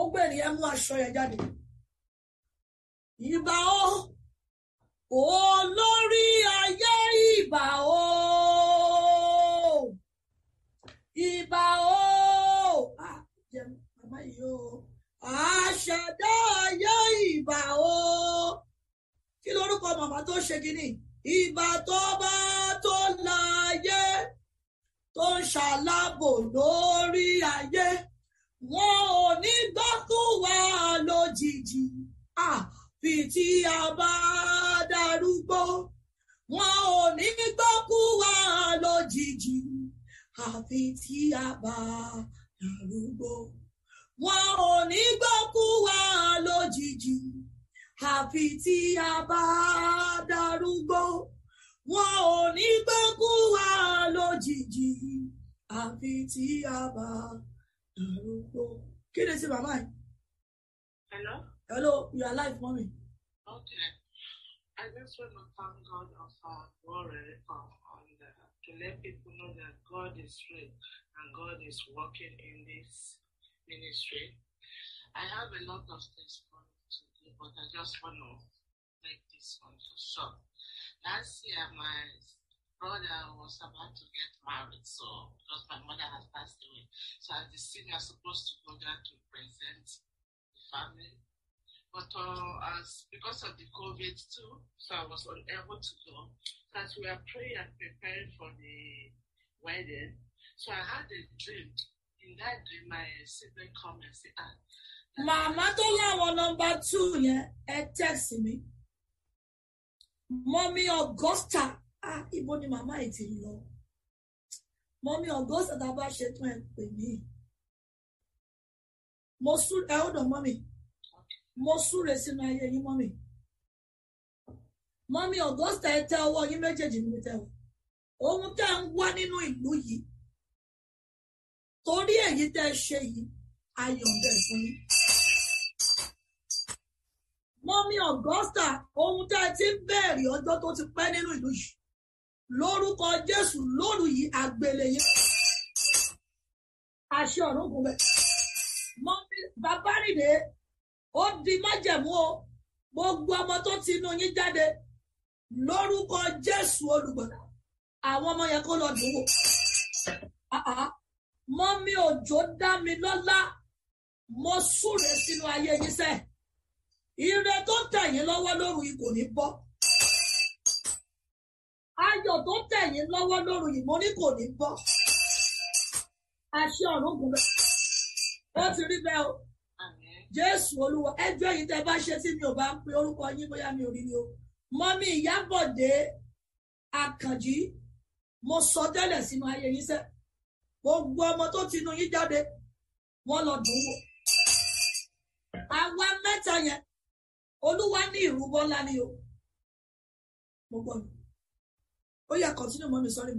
ó gbèrè ẹ mú aṣọ yẹn jáde ìbà o olórí ayé ìbà o ìbà o àṣàdá ayé ìbà o kí lorúkọ màmá tó ṣe kínní ìbà tó bá tó láyé tó ń ṣàlábò lórí ayé wọn ò ní gbọ́ fún wa lójijì àfi tí a bá darúgbó wọn ò ní gbọ́ fún wa lójijì àfi tí a bá darúgbó wọn ò ní gbọ́ fún wa lójijì àfi tí a bá darúgbó wọn ò ní gbọ́ fún wa lójijì àfi tí a bá darúgbó arúgbó kí ni sí bàbá yìí. hello. hello you are live mommy. okay i just want to thank God of our glory eh, on the, to let people know that God is real and God is working in this ministry. I have a lot of things to do, but I just want to make this one to short. Last year, my brother was about to get married, so because my mother has passed away. So as the senior supposed to go there to present the family. But uh, as because of the COVID too, so I was unable to go. So as we were praying and preparing for the wedding, so I had a dream. In that dream, my sibling come and say, ah, Màmá tó láwọn number two Yeah, ẹ tẹ̀sí mi. Mommy Augusta ah ibo ni màmá yìí ti lọ mọ́mí ọ̀gọ́sà tá a bá ṣe tán ẹ̀ pè mí mo sún ẹ ọ̀dọ̀ mọ́mí mo súre sínú ayé yín mọ́mí mọ́mí ọ̀gọ́sà ẹ tẹ ọwọ́ yín méjèèjì ní tẹ o ohun tẹ́ ń wá nínú ìlú yìí torí èyí tẹ́ ṣe yìí ayọ̀ǹdẹ̀ fún yín mọ́mí ọ̀gọ́sà ohun tẹ́ ti ń bẹ̀rẹ̀ ọjọ́ tó ti pẹ́ nínú ìlú yìí lórúkọ Jésù lóru yìí àgbèlè yẹn àṣẹ ọ̀run kò bẹ̀. mọ́mí bàbá rìndé ó di májẹ̀mú o gbogbo ọmọ tó ti inú yín jáde lórúkọ Jésù olùgbọ̀dà àwọn ọmọ yẹn kó lọ dùn wò. mọ́mí òjò dá mi lọ́lá mo súre sínú ayé yín sẹ́ ire tó tẹ̀ lọ́wọ́ lóru yìí kò ní bọ́ ayọ̀ tó tẹ̀yìn lọ́wọ́ lóru yìí mo ní kò ní gbọ́ àṣẹ ọ̀run gùn bẹ́ẹ̀ ó ti rí bẹ́ẹ̀ o jésù olúwa ẹjọ́ yìí tẹ́ bá ṣe tí mi ò bá pe orúkọ yín bóyá mi ò rí ni o mọ́mí ìyábọ̀dé àkànjí mo sọ tẹ́lẹ̀ sínú ayé yín sẹ́ gbogbo ọmọ tó ti inú yín jáde wọ́n lọ dùn wò àwa mẹ́ta yẹn olúwa ní ìrúbọ ńlá o mo gbọ́ Oh yeah, continue, mommy. Sorry.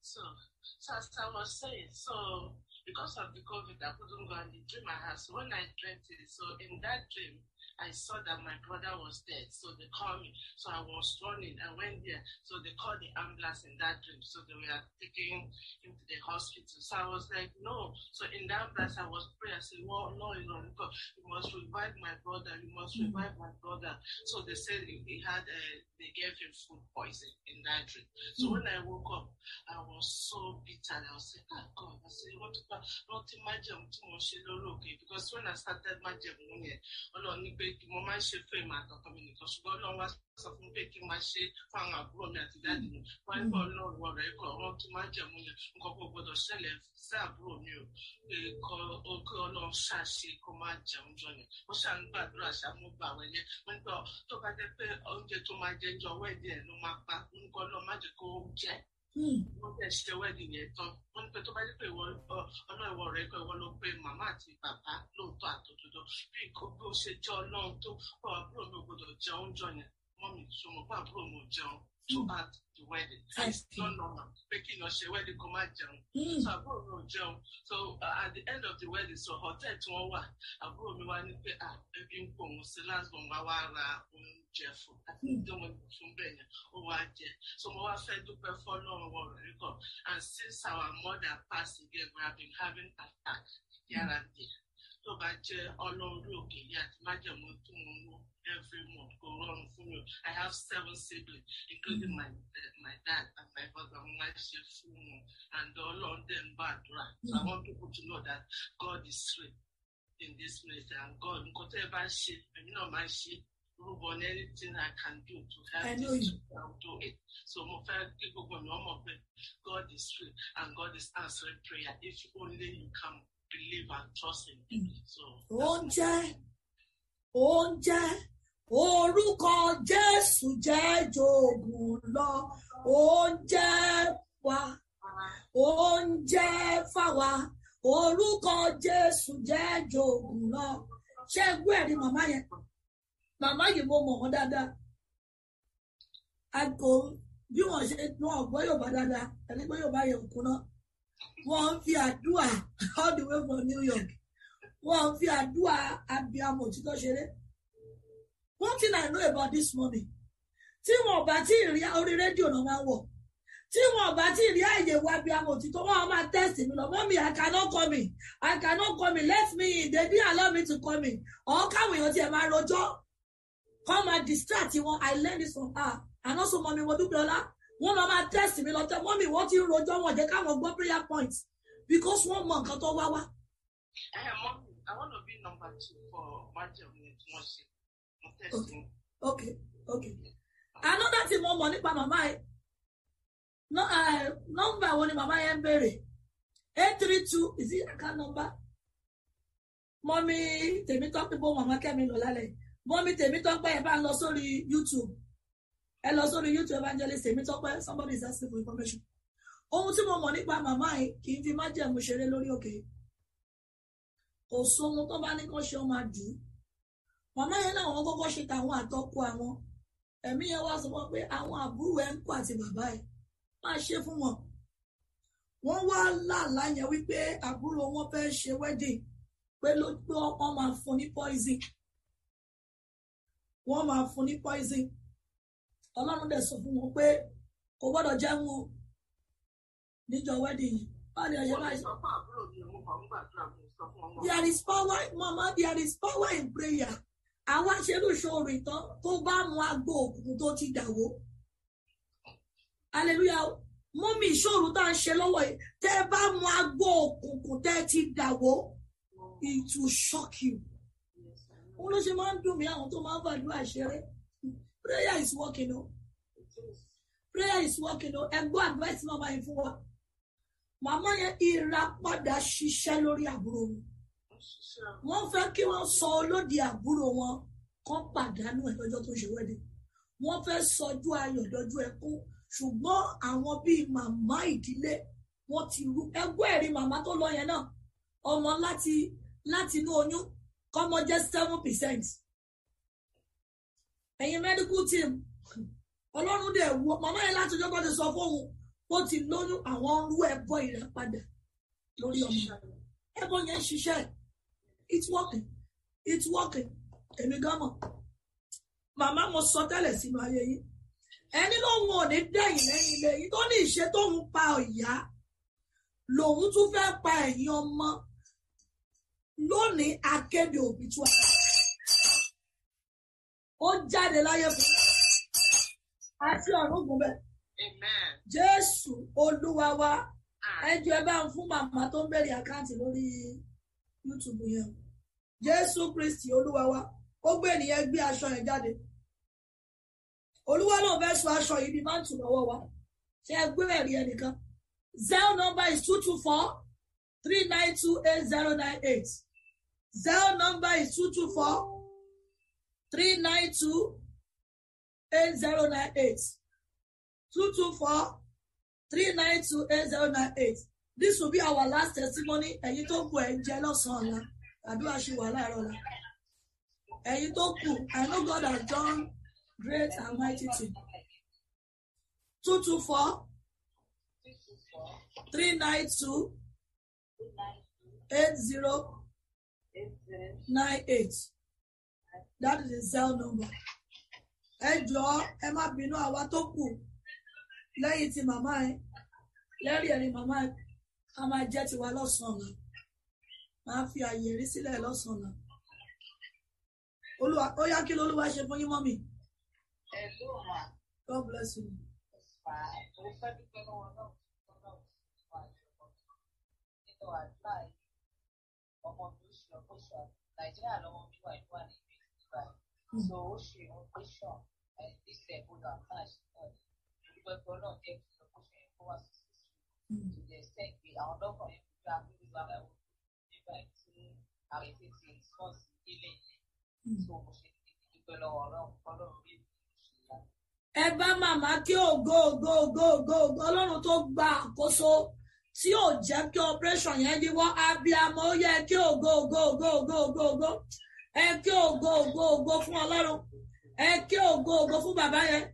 So, so as I was saying, so because of the COVID, I couldn't go and dream my house. when I dreamt it, so in that dream, I saw that my brother was dead. So they called me. So I was running. I went there. So they called the ambulance in that dream. So they were taking him to the hospital. So I was like, no. So in that ambulance, I was praying. I said, well, no, you know, you must revive my brother. You must mm-hmm. revive my brother. So they said he had, uh, they gave him food poison in that dream. So mm-hmm. when I woke up, I was so bitter. I was like, oh, God. I said, what about, not imagine too okay? Because when I started my journey, all on pé kí mo máa ṣe fún ìmọ̀ àtọ̀tọ̀ mi nìkan ṣùgbọ́n ọlọ́run wá sọ fún mi pé kí n máa ṣe fún àwọn àbúrò mi àti dáàdì mi wọ́n ní kọ́ kwa wọ̀ rẹ̀ kọ́ ọ̀rọ̀ tó máa jẹ̀mú yẹn nǹkan kó gbọ́dọ̀ ṣẹlẹ̀ sí àbúrò mi o kọ́ ọkọ ọlọ́run ṣàṣe kó máa jẹun jọ yẹn ó ṣà ń gbàdúrà ṣàmúgbà wẹ̀ yẹn wọ́n ní kọ́ tó bá jẹ́ pé oúnjẹ tó máa jẹ jọ wẹ́ẹ̀dì ẹ̀ ló máa pa nǹkan ọlọ́run má Hmm. wọ́n fẹ́ ṣe wedding yẹn tán wọ́n ní pé tó bá jẹ́ pé ọ̀nà ìwọ rẹ̀ kọ́ ìwọ ló pé màmá àti bàbá lóòótọ́ àtòdodo bí kò bí ó ṣe jẹ́ ọlọ́run tó pọ̀ àbúrò mi ò gbọdọ̀ jẹun jọ yẹn mọ́ sọ mọ́ pé àbúrò mi ò jẹun tó bá the wedding. It's not normal. Making us she wedding come out jam. Hmm. So I mi ò jam. So uh, at the end of the wedding, so hotel tí wọ́n wà, àbúrò mi wá ní pé ah ebi ń pò wọ́n sí last born wá wá ra oúnjẹ fún. Àti ìdánwò hmm. fún bẹ́ẹ̀ yẹn, ó wá jẹ. So my wife said to perform wọ̀ rẹ̀ record. And since our mother passed again, we have been having attack here and there tó bá jẹ́ ọlọ́run òkè yá àti tó ń mú every month kò rọrùn fún mi i have seven siblings including my eh, my dad and my brother mo máa ṣe fún wọn and ọlọ́run dẹ̀ ń gbàdúrà so i want people to know that god is real in this place and god nǹkan tẹ́ ẹ bá ṣe èmi náà máa ṣe rúbọ ní anything i can do to help this people i will do it so mo fẹ́ kí gbogbo mi ọmọ pé god is real and god is answering prayer if only you come. believe and trust in him. Mm. So, ó ń orúkọ Jésù jẹ́ jòògùn lọ ó wa ó ń jẹ́ fáwa orúkọ Jésù jẹ́ jòògùn lọ ṣé ẹgbẹ́ ẹ̀rí màmá yẹn màmá yìí mo mọ̀ wọ́n dáadáa àgọ́ bí wọ́n ṣe wọ́n gbọ́ Yorùbá dáadáa ẹ̀rí gbọ́ Yorùbá yẹn kú náà wọ́n fi àdúà all the way from New York wọ́n fi àdúà abiyamọ òtítọ́ ṣeré one thing I know about this morning tí wọn bá tí ì rí orí rédíò náà máa ń wọ̀ tí wọn bá tí ì rí àyè wá bí amò títọ́ wọn máa tẹ́sì mi lọ mọ́mí I cannot come in I cannot come in let me in they didn't allow me to come in ọ̀ káwọn èèyàn tiẹ̀ máa rojọ́ come and distract wọn I learn this from her and also mọ́mí Modúpẹ́ọlá wọ́n máa máa tẹ́sì mi lọ́tọ́ mọ́mì wọ́n ti ń rojọ́ wọn jẹ́ káwọn gbọ́ prayer point because wọ́n mọ nǹkan tó wá wá. ẹ ẹ I want to be number two for májèm ní tí wọ́n ṣe mo tẹ́sí. ok ok another thing mo mọ̀ nípa màmá ẹ nọ́mbà wo ni màmá yẹn ń béèrè eight three two is it account number mọ́mí tèmítọ́pẹ́ bó màmá kẹ́mi lọ lálẹ́ mọ́mí tèmítọ́pẹ́ ẹ bá ń lọ sórí YouTube ẹ lọ sórí youtube evangelist èmi tọ́pẹ́ somebody is asking for information ohun tí mo mọ̀ nípa màmá yìí kì í fi má jẹ̀mú ṣeré lórí òkè kò sóhun tó bá ní kán ṣe ọmọ àdù màmá yẹn láwọn kọ́kọ́ ṣe tàwọn àtọ́kọ àwọn ẹ̀mí yẹn wá sọ pé àwọn àbúrò ẹ̀ ń kọ́ àti bàbá ẹ̀ máa ṣe fún wọn wọ́n wá làlá yẹn wípé àbúrò wọn fẹ́ ṣe wedding pé ló gbọ́ wọ́n máa fún ní poison wọ́n máa fún ní poison ọlọ́run dẹ̀ sọ fún wọn pé kò gbọ́dọ̀ jẹ́ wọn níjọ wedding yìí báyìí ọ̀yẹ́ báyìí. there is power mama there is power in prayer àwa ṣerú ìṣòro ìtàn tó bá mu agbo òkùnkùn tó ti dàwó hallelujah mọ́mí ìṣòro tá à ń ṣe lọ́wọ́ yìí tẹ́ bá mu agbo òkùnkùn tẹ́ ti dàwó it will shock you. wọ́n ló ṣe máa ń dùn mí àwọn tó máa ń fàdúrà ṣeré prayer is working o oh. prayer is working o oh. ẹgbọ́n advice mama yìí fún wa màmá yẹn ìràpadà ṣiṣẹ́ lórí àbúrò wọn wọ́n fẹ́ kí wọ́n sọ olódì àbúrò wọn kán pàdánù ẹ̀ lọ́jọ́ tó ṣe wẹ́dẹ̀ wọ́n fẹ́ sọjú ayọ̀ lọ́jú ẹkún ṣùgbọ́n àwọn bíi màmá ìdílé wọ́n ti rú ẹgbẹ́ ẹ̀rí màmá tó lọ yẹn náà ọmọ láti láti inú oyún kọ́mọ jẹ́ seven percent ẹ̀yin medical team ọlọ́run dẹ̀ wọ màmá yẹn láti ọjọ́ ti sọ fóun ó ti lóyún àwọn rú ẹbọ ìrẹ padà lórí ọmọ ẹbọ yẹn ṣiṣẹ́ it's working it's working èmi gan mọ̀ màmá mo sọ tẹ́lẹ̀ sínú ayé yìí ẹni lóun ò ní dẹ̀yìn lẹ́yìn ilé yìí tó ní ìṣe tóun pa ọ̀yá lòun tún fẹ́ pa ẹ̀yìn ọmọ lónìí akéde òbí tú ara ó jáde láyé fún àti ọ̀run gùn bẹ́ẹ̀. Jésù Olúwa ah. ẹjọ́ ẹ bá ń fún màmá tó ń bẹ̀rẹ̀ àkáǹtì lórí YouTube yẹn. Jésù Kristi Olúwa ó gbé ènìyàn gbé aṣọ yẹn jáde. Olúwa náà fẹ́ sọ aṣọ yìí ní máǹtì lọ́wọ́ wa. Ṣé ẹ gbé ẹ̀rí ẹnìkan? Zell number is two two four three nine two eight zero nine eight. Zell number is two two four three nine two eight zero nine eight two two four three nine two eight zero nine eight this will be our last testimony ẹ̀yin tó kù ẹ̀ ń jẹ lọ́sàn-án ọ̀la àdúrà ṣe wà láàárọ̀ ọ̀la ẹ̀yin tó kù I know God has done great and mighty thing two two four three nine two eight zero nine eight that is the cell number ẹ jọ̀ọ́ ẹ má bínú àwa tó kù lẹ́yìn tí màmá ẹ lẹ́rìí ẹ̀rí màmá ẹ a máa jẹ́ tiwa lọ́sàn-án máa fi àyè rí sílẹ̀ lọ́sàn-án olúwa ó yá kí lolúwa ṣe fún yín mọ́mì. ẹ ló wà. God bless you. Nàìjíríà lọ́wọ́ bí wà ní wà ní báyìí so ó ṣe operation ìgbésẹ̀ ebola náà ṣe náà ní ìlú ẹgbẹ́ náà jẹ́ kí operation yẹn kó wá sí sísun to the extent pé àwọn dọ́kọ̀ yẹn fi gbá pé wíwá rẹ̀ wò nígbà tí ààrẹ ti ti response délé yẹn so mo ṣe ti dúpẹ́ lọ́wọ́ ọlọ́run kọ́lọ́run bí ẹ bá màmá kí ògo go. ògo ògo ògo ọlọ́run tó gba àkóso tí ò jẹ́ kí operation yẹn díwọ́ abiamọ ó yẹ kí ògo ògo ògo ògo ògo ògo ẹ kí ògo ògo ògo fún ọlọ́run ẹ kí ògo ògo fún bàbá yẹn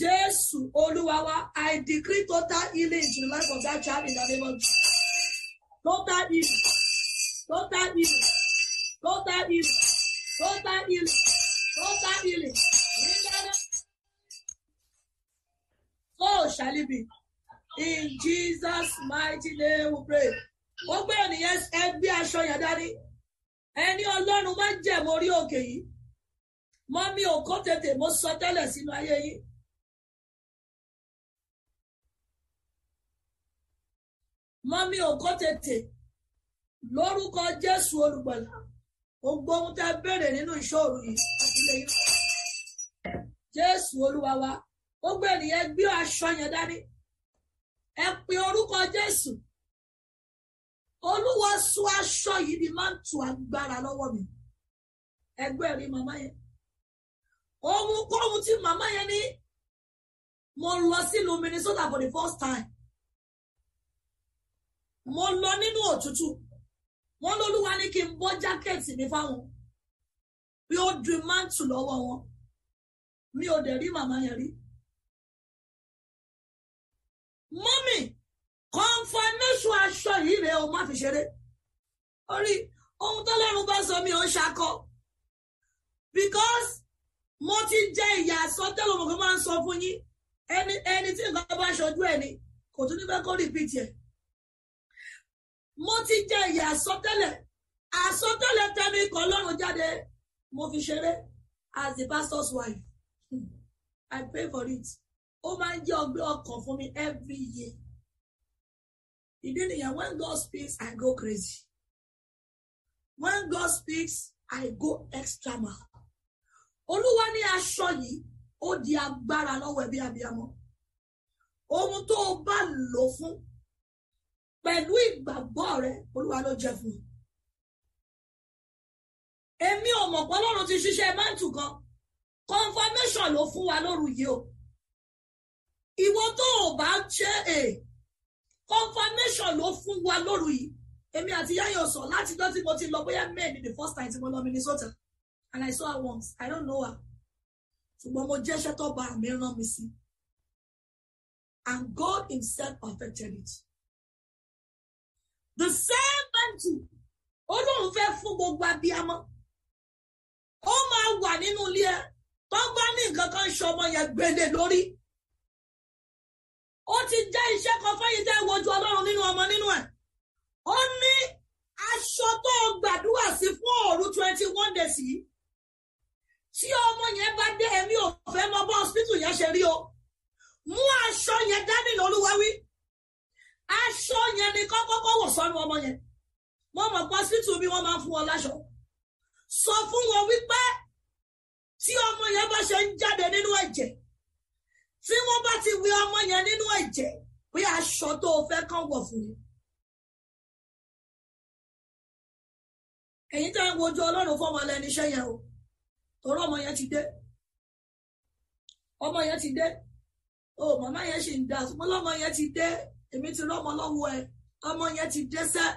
jésù olúwa wa i decree total healing to the life of that child in the name of jesus total healing total healing total healing total healing total healing so oh, shall it be in jesus mighty name we pray ó gbé ènìyàn ẹgbẹ́ aṣọ yẹn dání. ẹni ọlọ́run má jẹ̀mọ́ orí òkè yìí mọ́ mi ò kó tètè mo sọ tẹ́lẹ̀ sínú ayé yìí. mọ́ mi ò kó tètè lórúkọ Jésù olùgbàlà gbogbo ohun nínú ìṣòro yìí àtúnlẹ̀ yìí. Jésù olúwa wa gbogbo aṣọ yẹn ẹ olúwa sọ aṣọ yìí ni máa ń tu agbára lọ́wọ́ mi ẹgbẹ́ rí màmá yẹn ohun kóhun tí màmá yẹn ní mo lọ sílùú Minnesota for the first time mo lọ nínú òtútù wọ́n lólúwa ní kí n bọ́ jákẹ́ẹ̀tì mi fáwọn bí ó di máǹtù lọ́wọ́ wọn mi ò dẹ̀ rí màmá yẹn rí mọ́mì confirmation aṣọ yìí rèé o má fi ṣeré orí ohun tó lẹ́nu bá sọ mi ò ń ṣakọ because mo ti jẹ ìyà sọtẹ́lẹ̀ ọmọ kan máa ń sọ fún yín ẹni ẹni tí nǹkan bá ṣojú ẹ ni kò tún ní fẹ́ kó repeat ẹ̀ mo ti jẹ ìyà àsọtẹ́lẹ̀ àsọtẹ́lẹ̀ tẹmí kan lọ́rùn jáde mo fi ṣeré as the pastor's wife hmm, I pray for it ó máa ń jẹ́ ọgbẹ́ ọkàn fún mi every year Ibelia, when God speaks, I go crazy. When God speaks, I go extra mile. Olúwa ní aṣọ yìí, ó di agbára lọ́wọ́ ẹbí abiyamọ. Ohun tó o bá lò fún pẹ̀lú ìgbàgbọ́ rẹ, Olúwa ló jẹ fún un. Èmi ò mọ̀ pé Ọlọ́run ti ṣiṣẹ́ mẹ́ǹtù kan. Confirmation ló fún wa lóru yìí o. Ìwọ tó o bá ṣe eh, é confirmation ló fún wa lóru yìí èmi àti yáyọ sọ láti jọ tí mo ti lọ bóyá men ni the first time tí mo lọ Minnesota and I saw her once I don't know her ṣùgbọ́n mo jẹ́ iṣẹ́ tó ba àmì rán mi sí and God himself affected it the same mantle olóhùn fẹ́ fún gbogbo abiyamọ ó máa wà nínú ilé ẹ tó ní nǹkan kan ṣe yẹn gbélé lórí ó ti jẹ́ iṣẹ́ kan fẹ́yìn tẹ́ wojú ọlọ́run nínú ọmọ nínú ẹ̀ ó ní aṣọ tó gbàdúrà sí fún òru twenty one days yìí tí ọmọ yẹn bá dé ẹ̀mí ò fẹ́ mọ bọ́ hospital yẹn ṣe rí o mú aṣọ yẹn dání lọ́lúwa wí aṣọ yẹn ni kọ́kọ́kọ́ wọ̀ sọ́nu ọmọ yẹn wọ́n mọ̀ pọ́ hospital bí wọ́n máa fún ọ láṣọ sọ fún wọn wípé tí ọmọ yẹn bá ṣe ń jáde nínú ẹ̀jẹ̀ tí wọ́n bá ti wí ọmọ yẹn nínú ẹ̀jẹ̀ bí aṣọ tó o fẹ́ kàn wọ̀ fún mi. ẹ̀yin tẹ́ ń wojú ọlọ́run fọmọ lẹ́nu yẹn o torí ọmọ yẹn ti dé ọmọ yẹn ti dé o màmá yẹn ṣì ń da yẹn ti dé èmi ti rọ́mọ lọ́wọ́ ọmọ yẹn ti dé sẹ́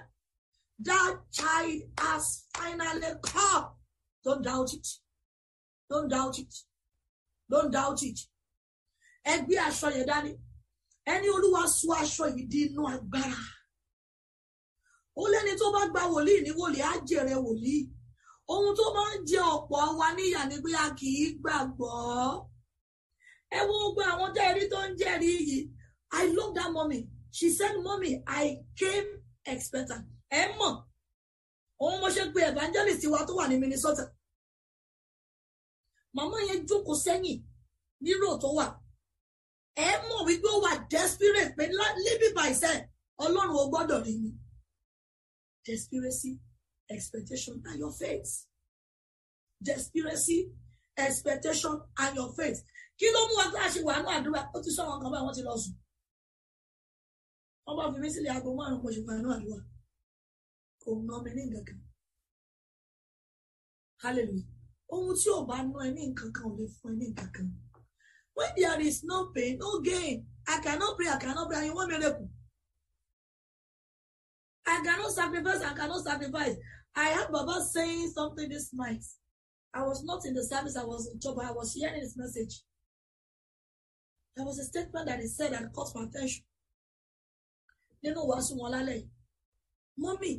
that child has finally come don't doubt doubt it. ẹ gbé aṣọ yẹn dání ẹni olúwa sọ aṣọ yìí di inú agbára ó lẹ́ni tó bá gba wòlíì ní wòlíì á jèrè wòlíì ohun tó máa ń jẹ ọ̀pọ̀ wa níyà ni pé a kì í gbàgbọ́ ẹ wo gbogbo àwọn jẹ́rìí tó ń jẹ́rìí yìí I love that mommy she said mommy I came expectant ẹ mọ̀ òun mo ṣe pé evangelist wa tó wà ní Minnesota màmá yẹn jókòó sẹ́yìn nírò tó wà ẹ mọ̀ wípé ó wà desperate pé live by self ọlọ́run ò gbọ́dọ̀ rí mi desperation expectation and your faith desperation expectation and your faith kí ló mú wa tó àṣẹ wà ní àdúrà ó ti sọ àwọn kan báyìí wọ́n ti lọ sùn wọ́n bá fi mí sílẹ̀ aago márùn-ún ṣe wà ní àdúrà kò ná mi ní nǹkan kan hallelujah ohun tí ò bá ná ẹ ní nǹkan kan ò lè fún ẹ ní nǹkan kan. When there is no pain, no gain. I cannot pray, I cannot pray, and you want miracle. I cannot sacrifice, I cannot sacrifice. I had Baba saying something this night. I was not in the service, I was in trouble, I was hearing his message. There was a statement that he said that caught my attention. Nínú wàásù wọn lálẹ́ yìí, mọ́mì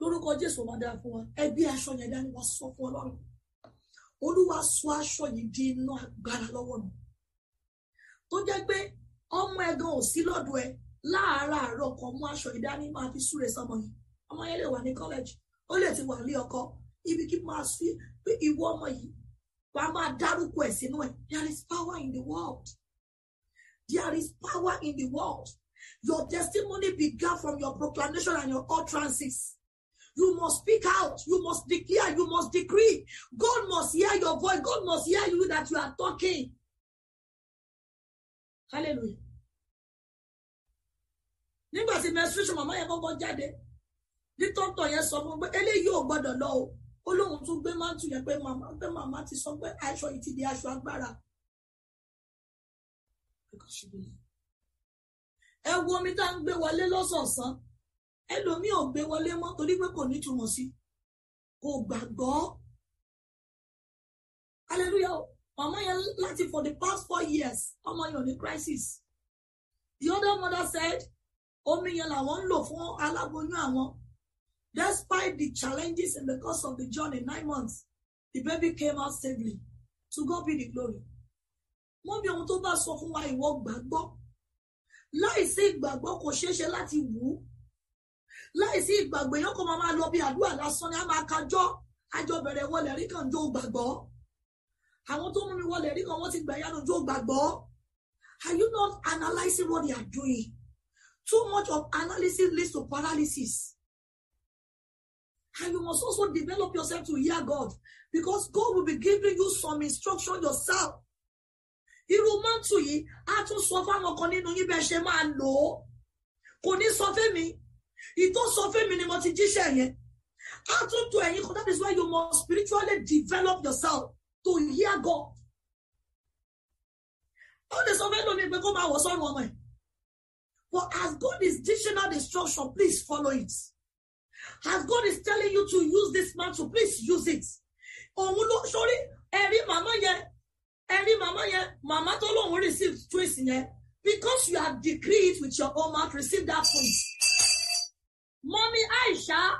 lórúkọ Jésù ọmọdé fún wa, ẹbí aṣọ yẹn dání wọ́n sọ fún Ọlọ́run olúwa sọ aṣọ yìí di iná agbára lọ́wọ́ mi tó jẹ́ pé ọmọ ẹ gan ò sí lọ́dọ̀ ẹ láàárọ̀ àárọ̀ kan mú aṣọ ìdání máa fi súre sọmọ yìí ọmọ yẹn lè wà ní kọ́lẹ́jì ó lè ti wà ní ọkọ ibi kí máa fi pé ìwọ ọmọ yìí wàá máa dárúkọ ẹ̀ sínú ẹ̀ there is power in the world there is power in the world your testimony began from your proclamation and your utterances. You must speak out. You must declare. You must decree. God must hear your voice. God must hear you that you are talking. Hallelujah. Nígbà tí menstruation màmá yẹn kọ́kọ́ jáde, ní tọ́tọ̀ yẹn sọ fún pé eléyìí ò gbọ́dọ̀ lọ o. Ó lóun tún gbé máńtù yẹn pé màmá pé màmá ti sọ pé aṣọ yìí ti di aṣọ agbára. Ẹ wo omi tá à ń gbé wọlé lọ́sọ̀ọ̀sán ẹlòmíì ò gbé wọlé mọ́ torí pé kò nítumọ̀ sí kò gbàgbọ́ hallelujah ọmọ yẹn láti for the past four years ọmọ yẹn ò ní crisis the other mother said omi yẹn làwọn ń lò fún aláboyún àwọn despite the challenges and the cost of the journey nine months the baby came out safely to God be the glory wọ́n bí ohun tó bá sọ fún wa ìwọ gbàgbọ́ láìsí ìgbàgbọ́ kò ṣeé ṣe láti wù ú láìsí ìgbàgbọ́ èèyàn kò máa máa lọ bí àdúrà lásán ni a máa kájọ́ àjọ bẹ̀rẹ̀ wọlé rí kan jó gbàgbọ́ àwọn tó mú mi wọlé rí kan wọ́n ti gbà yánu jó gbàgbọ́ are you not analysing what they are doing too much of analysis leads to paralysis and you must also develop yourself to hear God because God will be giving you some instruction yourself irú mọ́tò yìí á tún sọ fáwọn kan nínú yín bẹ́ẹ̀ ṣe máa lò ó kò ní sọ fẹ́mi ìtò sọ fẹ́mi ni mo ti jíṣẹ́ yẹn á tún ẹ̀yin kan that is why you must spiritually develop yourself to hear God ó lè sọ fẹ́mi lómi pé kó máa wọ̀ sọ́run ọmọ ẹ̀ but as God is teaching out instruction please follow it as God is telling you to use this mantle please use it òun ló sórí ẹ̀rí màmá yẹn ẹ̀rí màmá yẹn màmá tó lóun receive twins yẹn because you have decreed it with your own mouth receive that point. Mommy Aisha,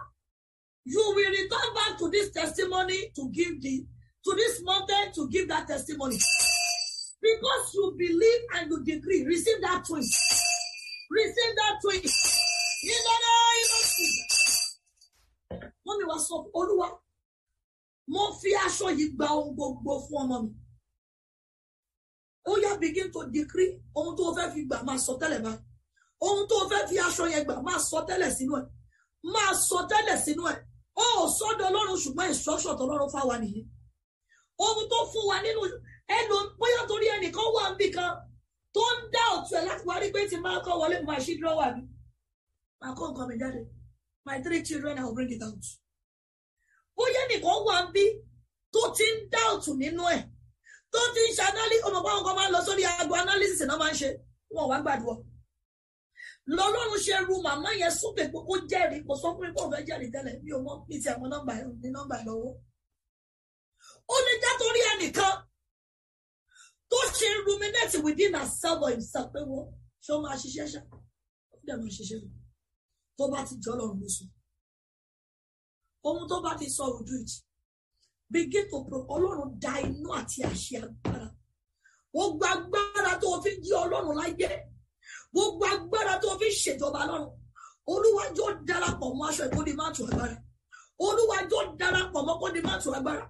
you will return back to this testimony to give the to this mountain to give that testimony. Because you believe and you decree, receive that twin. Receive that twin. In the name of Jesus. Mommy was up, Olúwa. Mo fi aṣọ yìí gba ohun gbogbo fún ọmọ mi. Ó yá begin to decree ohun tó fẹ́ fi gbà máa sọ tẹ́lẹ̀ báyìí ohun tó fẹ́ fi aṣọ yẹn gbà máa sọ tẹ́lẹ̀ sínú ẹ̀ máa sọ tẹ́lẹ̀ sínú ẹ̀ ó sọ́dọ̀ ọlọ́run ṣùgbọ́n instruction tọ́lọ́run fáwa nìyí ohun tó fún wa nínú ẹnu bóyá torí ẹnìkan wà níbi kan tó ń dá òtún ẹ̀ láti wá rí pé ti máa kọ́ wọlé mo máa ṣí mi máa kó nǹkan mi jáde my three children I will bring it out bóyá nìkan wà níbi tó ti ń dá òtún nínú ẹ̀ tó ti ń ṣe analysis ọmọ báwọn kan máa ń lọ sórí aago analysis náà máa ń ṣe wọn ò wá gbàdúrà lọ́lọ́run ṣe ru màmá yẹn súnpè pé kó jẹ́rìí kò sọ pé kó fẹ́ jẹ́rìí tẹ́lẹ̀ mi ò mọ̀ ní ti àwọn nọ́mbà ní nọ́mbà lọ́wọ́ ó lè já torí ẹnìkan tó ṣe ruminate within herself or himself pé wọ́n ṣé ó máa ṣiṣẹ́ ṣá ó dẹ̀ máa ṣiṣẹ́ rẹ̀ tó bá ti jọ́ lọ́run ló sùn ohun tó bá ti sọ ojú ìjì begin to pro ọlọ́run da inú àti àṣẹ agbára ó gba agbára tó o fi jí ọlọ́run láyé gbogbo agbára tó fi ṣèjọba lọ́run olúwàjọ darapọ̀ mọ́ aṣọ ìkóni má tù agbára olúwàjọ darapọ̀ mọ́ kóni má tù agbára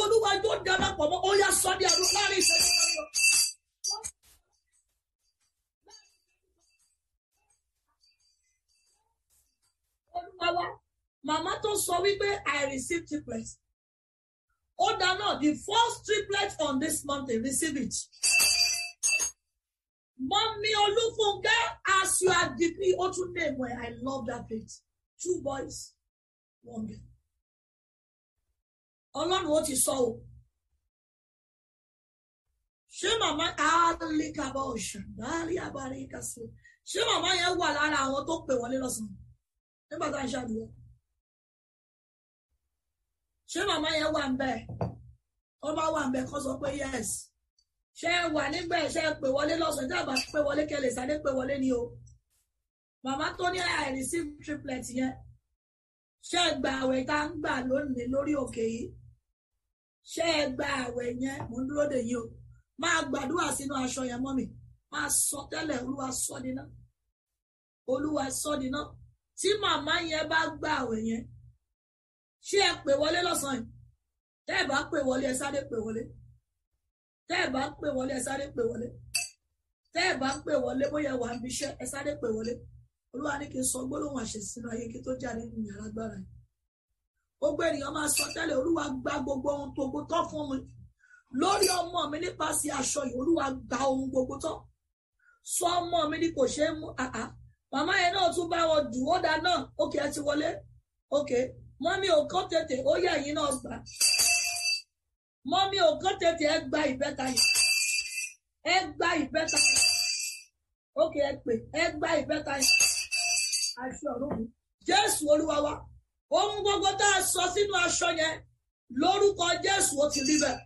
olúwàjọ darapọ̀ mọ́ ó yá sọ́dí àdúrà láàrin ìṣẹ́jú kan lọ. olúwawa màmá tó sọ wípé i receive triplets ó dáná the first triplet on this month. mountain receive it. Mọ́mí Olúfúnkẹ́ as you are degree ó tún lè mọ̀ ẹ́ I love that page two boys one girl. Ọlọ́run ó ti sọ o. Ṣé màmá Alikaba Ọ̀ṣun Báàlì Abárí Kásìlẹ̀ ṣé màmá yẹn wà lára àwọn tó pè wọlé lọ́sàn-án nígbà tá a ṣàdúrà? Ṣé màmá yẹn wà ń bẹ̀? Ọba wà ń bẹ̀ kọ́ sọ pé yes ṣé ẹ wà nígbà ẹ ṣe ẹ pè wọlé lọ́sàn-án tí àbá pè wọlé kẹlẹ̀ sáré pè wọlé ni o màmá tó ní I receive triplet yẹn ṣé ẹ gba àwẹ̀ tá ń gbà lónìí lórí òkè yìí ṣé ẹ gba àwẹ̀ yẹn mò ń dúró dè yìí o máa gbàdúrà sínú aṣọ yẹn mọ́ mi máa sọ tẹ́lẹ̀ olúwa sọ ni náà olúwa sọ ni náà tí màmá yẹn bá gba àwẹ̀ yẹn ṣé ẹ pè wọlé lọ́sàn-án tẹ́ ẹ bá pè wọlé ẹ sáré pè wọlé tẹ́ ẹ̀ bá ń pè wọlé ẹ sáré pè wọlé tẹ́ ẹ̀ bá ń pè wọlé bóyá wà ń bí iṣẹ́ ẹ sáré pè wọlé olúwa ní kí n sọ gbólóhùn àṣẹsínú ayé kí tó jáde nínú yàrá gbára yìí gbogbo ènìyàn máa sọ tẹ́lẹ̀ olúwa gba gbogbo ohun tó gbogbo tán fún mi lórí ọmọ mi nípasẹ̀ aṣọ yìí olúwa gba ohun gbogbo tán sọ ọmọ mi ni kò ṣeé mú àá màmá yẹn náà tún bá wọn dùn ó dáa náà ẹ ti wọlé ókè mọ́mí ò kọ́ tètè ó yẹ ẹ̀yin náà gbà mọ́mí ògán tètè ẹ gba ìbẹ́ta yìí ẹ gba ìbẹ́ta yìí ókè ẹ pè ẹ gba ìbẹ́ta yìí aṣọ ọ̀run mi jésù olúwa wa ohun gbogbo tá a sọ sínú aṣọ yẹn lórúkọ jésù ó ti rí bẹ́ẹ̀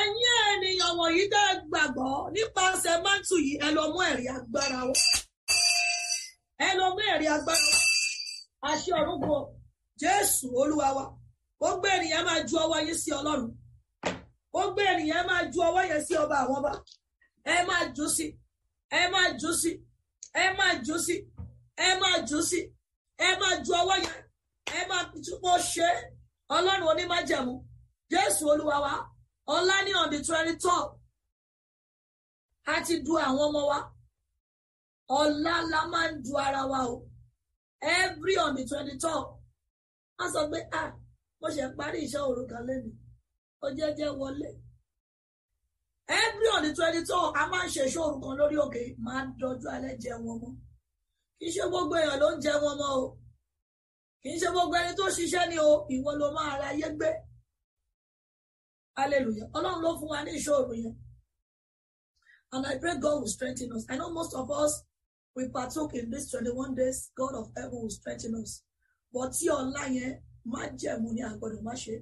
ẹ̀yin ènìyàn wọ̀nyí tẹ́ ẹ gbàgbọ́ nípasẹ̀ mántù yìí ẹ lọ mú ẹ̀rí agbára wa ẹ lọ mú ẹ̀rí agbára wa aṣọ ọ̀run jésù olúwa ó gbé ènìyàn máa ju ọwọ́ yín sí ọlọ́run ó gbé ènìyàn máa ju ọwọ́ yẹn sí ọba àwọn ọba ẹ máa jó sí ẹ máa jó sí ẹ máa jó sí ẹ máa jó sí ẹ máa ju ọwọ́ yẹn ẹ máa túbọ̀ ṣe ọlọ́run onímájẹ̀mú jésù olúwa ọlá ní on the twenty twelve a ti du àwọn ọmọ wa ọ̀la la máa ń du ara wa o every on the twenty twelve a sọ pé ah ó ṣe parí iṣẹ́ òru kan ó jẹ́jẹ́ wọlé every on the twenty two a máa ń ṣe iṣẹ́ kan lórí òkè máa ń dọjú alẹ́ jẹ wọn mọ́ kì í ṣe gbogbo èèyàn ló ń jẹ wọn mọ́ o kì í ṣe gbogbo ẹni tó ṣiṣẹ́ ni o ìwọ ló máa ra ayé gbé hallelujah ọlọ́run ló fún wa ní iṣẹ́ yẹn and I pray God will strengthen us I know most of us we partook in this twenty one days God of heaven will strengthen us but tí ọ̀la yẹn májẹ̀mú ni àgbọ̀dọ̀ má ṣe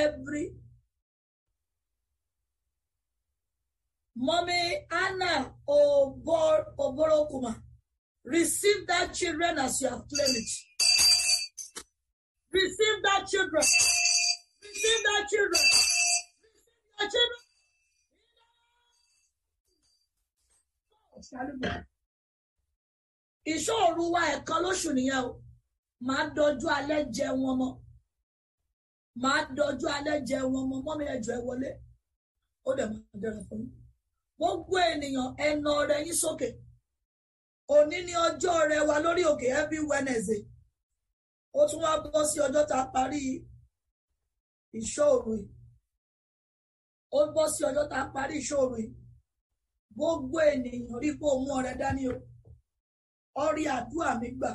every mommy Anna Obor Oborokuma receive that children as you have claimed it receive that children receive that children receive that children. ìṣòro wa ẹ̀kan lóṣù nìyẹn o máa dojú alẹ́ jẹ wọn mọ́ máa dojú alẹ́ jẹ wọn mọ́ mọ́mi ẹ̀jọ̀ ẹ wọlé ó dẹ̀ máa dẹ̀ra fún mi. gbogbo ènìyàn ẹnà rẹ yín sókè òní ni ọjọ́ rẹ wà lórí òkè every Wednesday ó tún wá bọ́ sí ọjọ́ tá a parí ìṣòro yìí ó bọ́ sí ọjọ́ tá a parí ìṣòro yìí gbogbo ènìyàn rí pé òun ọ̀rẹ́ dání o ọrí àdúrà mi gbà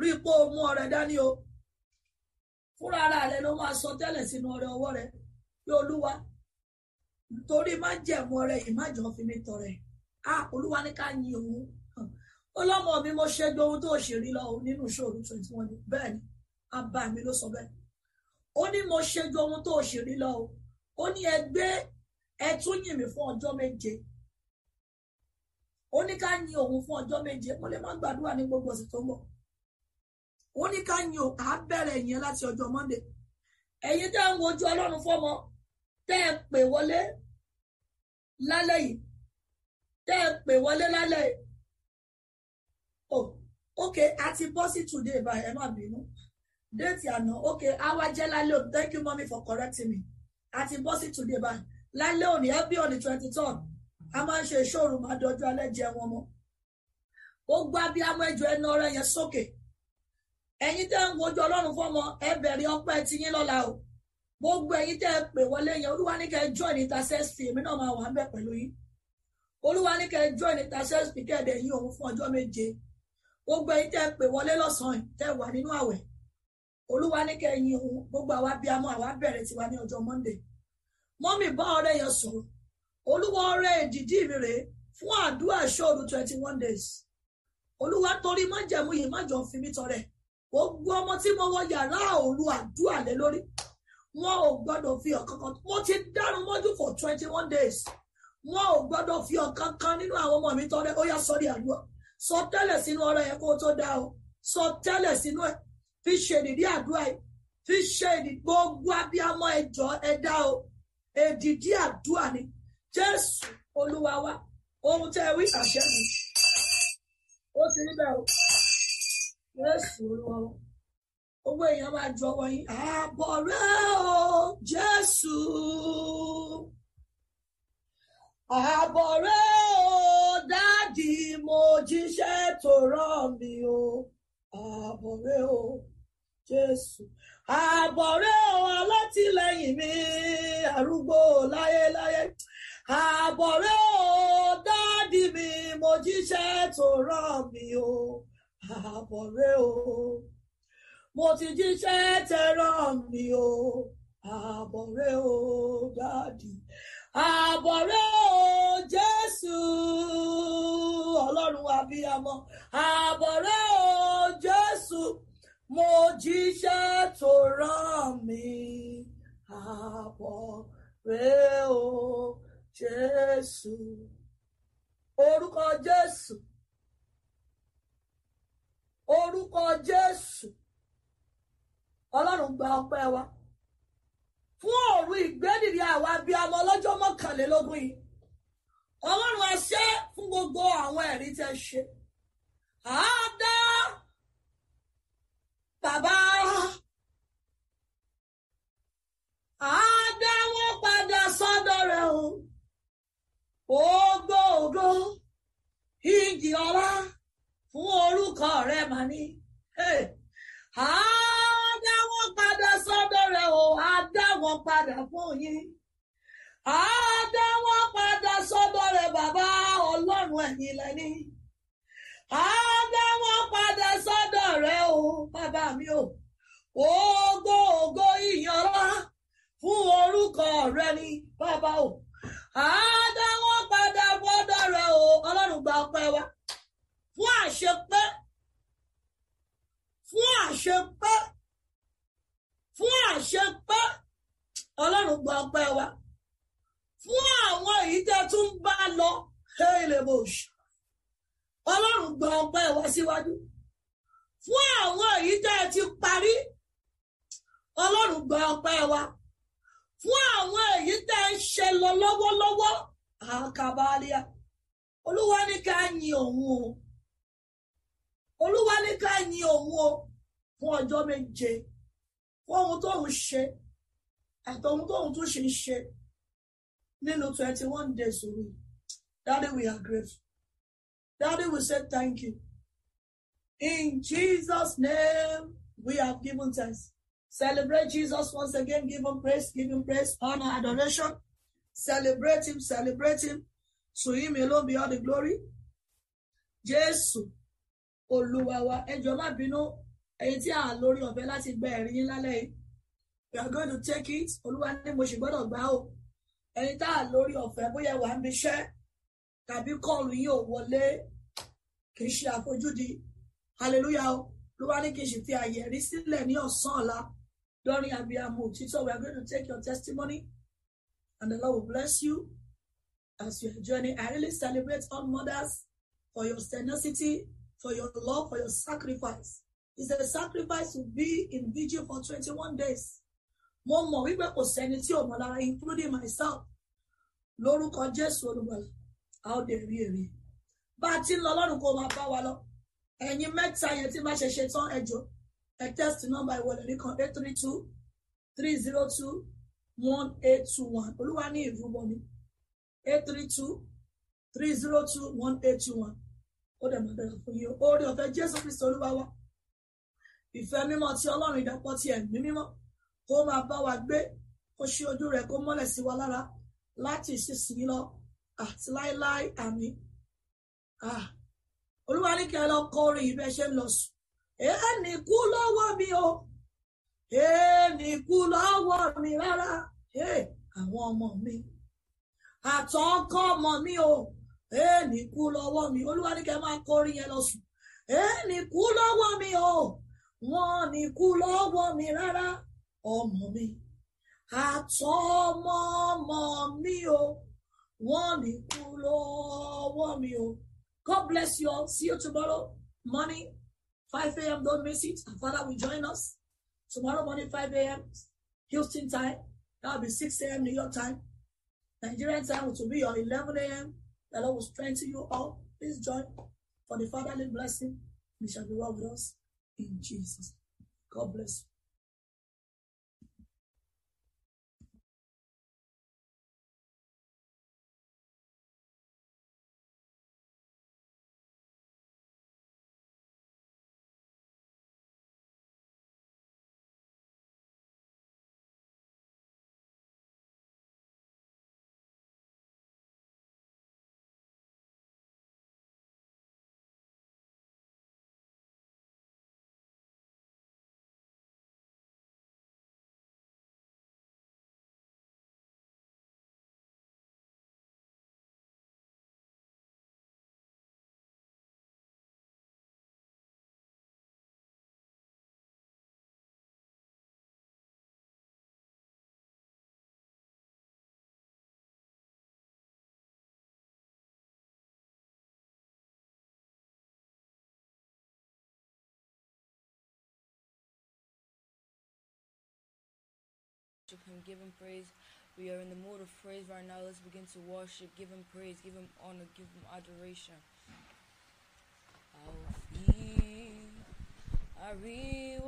rí pé o mú ọrẹ dání o fúnra ara rẹ ló máa sọ tẹ́lẹ̀ sínú ọrẹ ọwọ́ rẹ pé olúwa torí má jẹ̀mú ọrẹ yìí má jọ fi mi tọrẹ a olúwa ní ká yin òun ọlọ́mọ mi mo ṣe gbé ohun tó ṣe rí lọ nínú ìṣòro twenty one bẹ́ẹ̀ ni àbá mi ló sọ bẹ́ẹ̀ ó ní mo ṣe gbé ohun tó ṣe rí lọ ó ní ẹgbẹ́ ẹ tún yìn mí fún ọjọ́ méje ó ní ká yin òun fún ọjọ́ méje mo lè má gbàdúrà ní gbogbo ọ̀sẹ̀ tó ń bọ̀ ó ní ká yin òkà bẹ̀rẹ̀ yẹn láti ọjọ́ monday ẹ̀yin tẹ́ ń wojú ọlọ́run fọ́mọ tẹ́ ẹ pè wọlé lálẹ́ yìí tẹ́ ẹ pè wọlé lálẹ́ yìí oh okay a ti bọ́ sí today by ẹ má bínú déètì àná okay àwa jẹ́ lálẹ́ òní thank you mommy for correcting me a ti bọ́ sí today by lálẹ́ òní ẹ on the twenty third. a máa ń ṣe ìṣòro máa dọjú alẹ́ jẹun ọmọ ó gbá bí amú ẹjọ́ ẹnu ọ̀rẹ́ yẹn sókè. Okay ẹ̀yin tẹ́ ń wojú ọlọ́run fọ́mọ ẹ bẹ̀rẹ̀ ọpẹ́ ti yín lọ́la o gbogbo ẹ̀yin tẹ́ ẹ pè wọlé yẹn olúwa ní kẹ́ ẹ join ní ta sẹ́sì èmi náà máa wà ń bẹ̀ pẹ̀lú yín olúwa ní kẹ́ ẹ join ní ta sẹ́sì kẹ́ẹ̀dẹ̀ yín òun fún ọjọ́ méje gbogbo ẹ̀yin tẹ́ ẹ pè wọlé lọ́sàn-án tẹ́ wà nínú àwẹ̀ olúwa ní kẹ́ ẹ yin òun gbogbo àwa bí amọ́ àwa bẹ̀rẹ̀ tiwa ní ọjọ́ monday mọ́mì bá ọ̀rẹ́ yẹn sọ̀rọ̀ olúwa ọ̀rẹ́ ìdìdí ìrere fún àdúrà ṣọ́ọ̀rù twenty one days olúwa torí májẹ̀mú yìí májọ̀ fi mí tọrẹ gbogbo ọmọ tí mo wọ yàrá òru àdúrà lé lórí wọn ò gbọ́dọ̀ fi ọ̀kan kan mo ti dárun mọ́jú for twenty one days wọn ò gbọ́dọ̀ fi ọ̀kan kan nínú àwọn ọmọ mi tọrẹ ó yá sọrí àdúrà sọ tẹ́lẹ̀ sínú ọ̀rọ̀ yẹn kó tó dá o sọ tẹ́lẹ̀ sínú ẹ fi ṣe ìdí àdúrà yìí fi ṣe ìdí gbogbo abiyamọ ẹjọ ẹdá o èdìdí àdúrà ni Jésù Olúwa wa ohun tẹ́ wí àṣẹ mi ó ti rí bẹ́ẹ̀ o. Jésù lọ. Owó èèyàn máa ju ọwọ́ yín. Ààbọ̀ o Jésù. Ààbọ̀ rẹ̀ o dáàdì mo jíṣẹ́ tó rán mi o. Ààbọ̀ rẹ̀ o Jésù. Ààbọ̀ rẹ̀ o alátìlẹyìn mi arúgbó láyéláyé. Ààbọ̀ rẹ̀ o dáàdì mi mo jíṣẹ́ tó rán mi o àbọ̀ rẹ o mo ti jíṣẹ́ tẹ̀ràn mi o àbọ̀ rẹ o dáàdì àbọ̀ rẹ o Jésù Ọlọ́run abiyamọ àbọ̀ rẹ o Jésù mo jíṣẹ́ tó rán mi àbọ̀ rẹ o Jésù orúkọ Jésù. orúkọ jésù ọlọ́run gba ọpẹ́ wa fún òru ìgbédìrí àwa bí ọmọ ọlọ́jọ́ mọ́kànlélógún yìí ọlọ́run ẹṣẹ́ fún gbogbo àwọn ẹ̀rí tẹ́ ṣe á dá bàbá á wọn padà sọ́dọ̀ rẹ̀ o ògo ìjì ọlá. fún orúkọ rẹ mà ní. a dá wọn padà sọ́dọ̀ rẹ o a dá wọn padà fún yín. a dá wọn padà sọ́dọ̀ rẹ bàbá ọlọ́run ẹ̀yin lẹ́ni. a dá wọn padà sọ́dọ̀ rẹ o bàbá mi o. ògo ògo ìyànlá fún orúkọ rẹ ni bàbá o. a dá wọn padà fọ́dọ̀ rẹ o ọlọ́run gba ọpẹ́ wa. àṣepé fún àṣepé ọlọ́run gba ọpẹ́ wa fún àwọn èyí tẹ́ tún bá lọ hélèbòṣù ọlọ́run gba ọpẹ́ wa síwájú fún àwọn èyí tẹ́ ti parí ọlọ́run gba ọpẹ́ wa fún àwọn èyí tẹ́ ṣe lọ lọ́wọ́lọ́wọ́ àkàbálíà olúwa ní ká yin òun o olúwa ní ká yin òun o. fún ọjọ́ méje fún ohun tóun ṣe àti ohun tóun tún ṣe ń ṣe nínú twenty one days òru Daddy, we are grateful Daddy, we say thank you in Jesus name we have given thanks celebrate Jesus once again give him praise give him praise honor adoration celebrate him celebrate him to him alone be all the glory Jesus, Olúwa wa ẹ má bínú ẹ̀yin tí a lórí ọ̀fẹ́ láti gba ẹ̀rí yín lálẹ́ yìí we are going to take it olúwa ní mo sì gbọ́dọ̀ gbà o ẹ̀yin tá a lórí ọ̀fẹ́ bóyá wà ń bíṣẹ́ tàbí kọ́ọ̀lù yín ò wọlé kì í ṣe àfojúdi hallelujah o olúwa ní kì í ṣe fi àyè rí sílẹ̀ ní ọ̀sán ọ̀la lọ́rin abiyamọ òtítọ́ we are going to take your testimony and the Lord will bless you as your journey I really celebrate all mothers for your tenacity for your love for your sacrifice. is a sacrifice to be in vigil for twenty one days mo mọ̀ wípé kò sẹ́ni tí ò lára including myself lórúkọ jésù olùgbàlà a ó lè rí èrè bá a ti ń lọ lọ́rùn kó máa bá wa lọ ẹ̀yin mẹ́ta yẹn tí má ṣe ṣe tán ẹ̀jọ̀ ẹ test nọ́mbà ìwọlẹ̀ ní kan eight three two three zero two one eight two one olúwa ní ìrúbọ mi eight three two three zero two one eight two one ó dẹ̀ mọ̀ bẹ́ẹ̀ fún yín o oore ọ̀fẹ́ jésù kristu olúwa wa ìfẹ́ mímọ́ ti ọlọ́run ìdàpọ̀ ti ẹ̀mí mímọ́ kó máa bá wa gbé kó ṣí ojú rẹ̀ kó mọ́lẹ̀ sí wa lára láti ìsinsìnyí lọ àti láéláé àmín. olúwa ní kẹ́ ẹ lọ kọ orin ìbẹ́ ṣe ń lọ sùn. ẹnì kú lọ́wọ́ mi o ẹnì kú lọ́wọ́ mi rárá àwọn ọmọ mi àtọ̀ ọkọ ọmọ mi o ẹnì kú lọ́wọ́ mi olúwa ní kẹ́ ẹ máa kọ orin yẹn lọ sùn. ẹnì kú lọ́wọ́ mi o. wọn ní kú lọ́wọ́ mi rárá ọmọ mi àtọ́ ọmọ ọmọ mi o wọn ní kú lọ́wọ́ mi o. God bless you all. See you tomorrow morning, 5 a.m. Don't miss it. Our Father will join us tomorrow morning, 5 a.m. Houston time. That will be 6 a.m. New York time. Nigerian time, which will be on 11 a.m. The Lord will strengthen you all. Please join for the fatherly blessing. We shall be well with us in Jesus. God bless you. worship him, give him praise. We are in the mood of praise right now. Let's begin to worship, give him praise, give him honor, give him adoration. Auf ihn,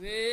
Wait.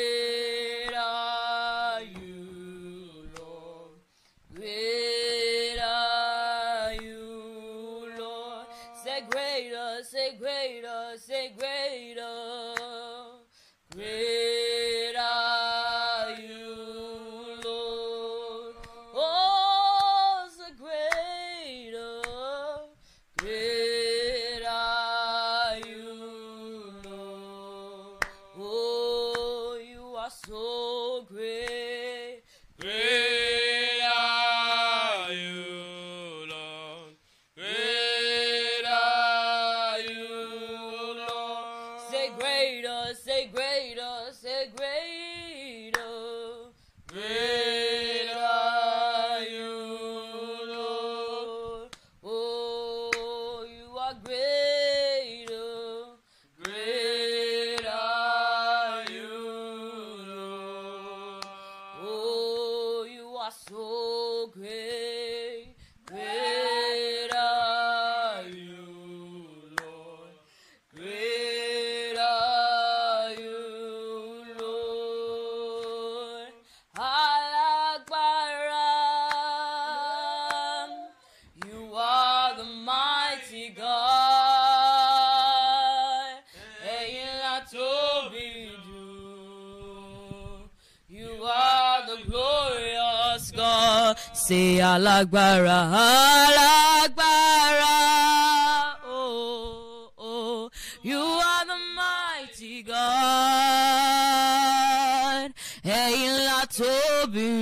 alágbára alágbára. Oh, oh, you are the mighty God. Ẹ̀yin la tóbi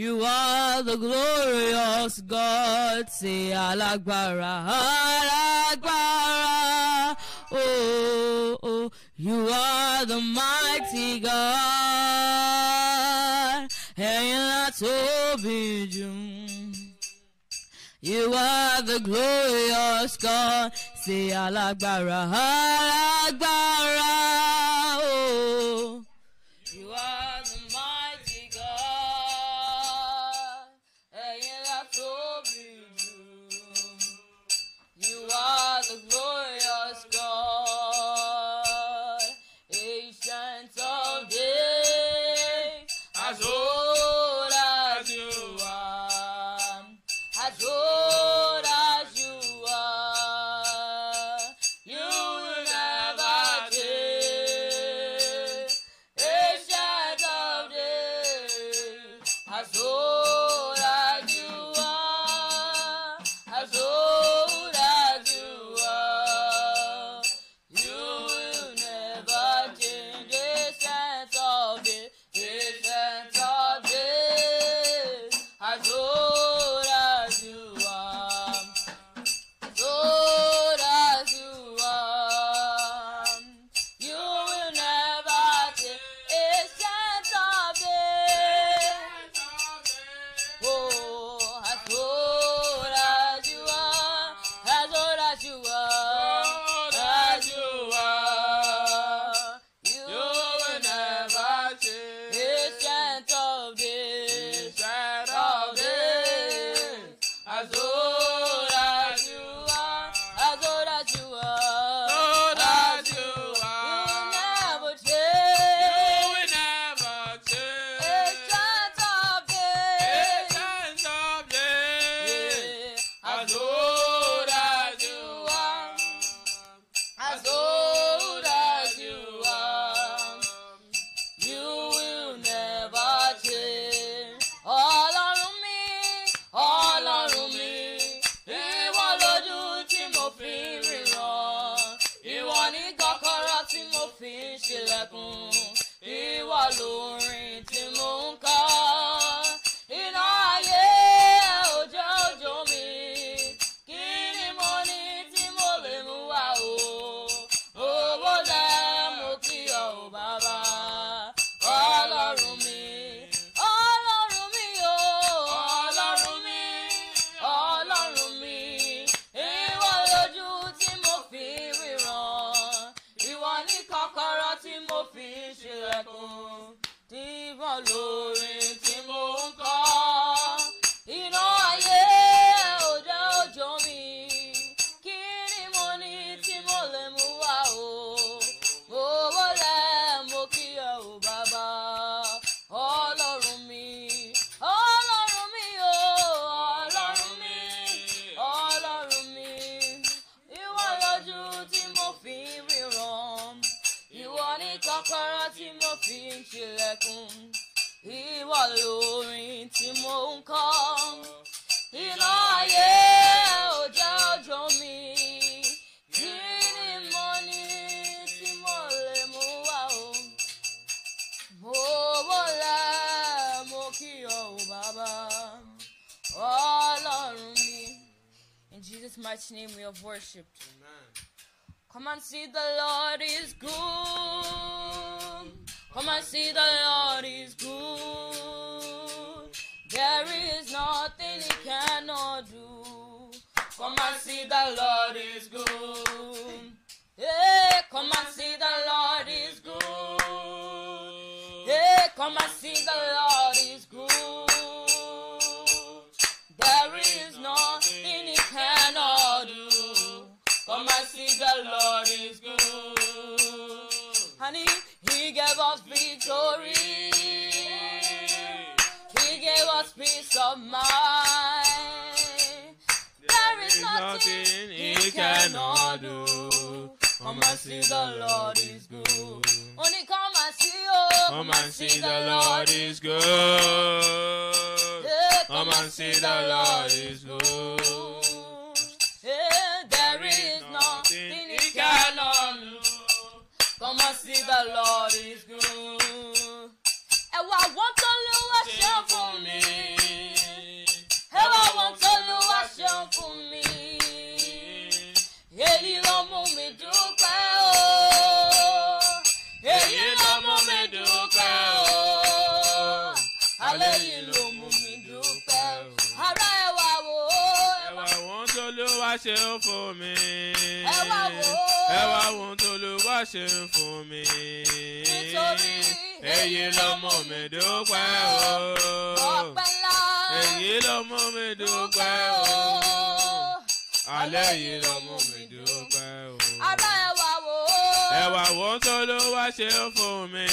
You are the glorious God. Say alágbára alágbára. Oh, oh, you are the mighty God so be You are the glorious God. Say, Allah Barah. Ọlọ́run mi. In Jesus' mighty name we have worshipped. Amen. Come and see the Lord is good. Come and see the Lord is good. There is nothing he cannot do. Come and see the Lord is good. Hey, come and see the Lord is good. Hey, come and see the Lord is good. victory. He gave us peace of mind. There is nothing he cannot do. Come and see the Lord is good. Only come and see, oh, come and see the Lord is good. come and see the Lord is good. there is nothing he cannot do. Come and see the Lord is good. wá wọ́n tó lù wá ṣeun fún mi. ẹ wá wọ́n tó lù wá ṣeun fún mi. èyí ló mú mi dúpẹ́ o. èyí ló mú mi dúpẹ́ o. alẹ́ yìí ló mú mi dúpẹ́ o. ara ẹ wá wò ó. ẹ wá wọ́n tó lù wá ṣeun fún mi. ẹ wá wò ó. tó bá ṣe fún mi. nítorí èyí lọmọ mi dúpẹ́ o. ọpẹ́ ńlá. èyí lọmọ mi dúpẹ́ o. alẹ́ yìí lọmọ mi dúpẹ́ o. ará ẹwà wò ó. ẹwà wò tó ló wá ṣe fún mi.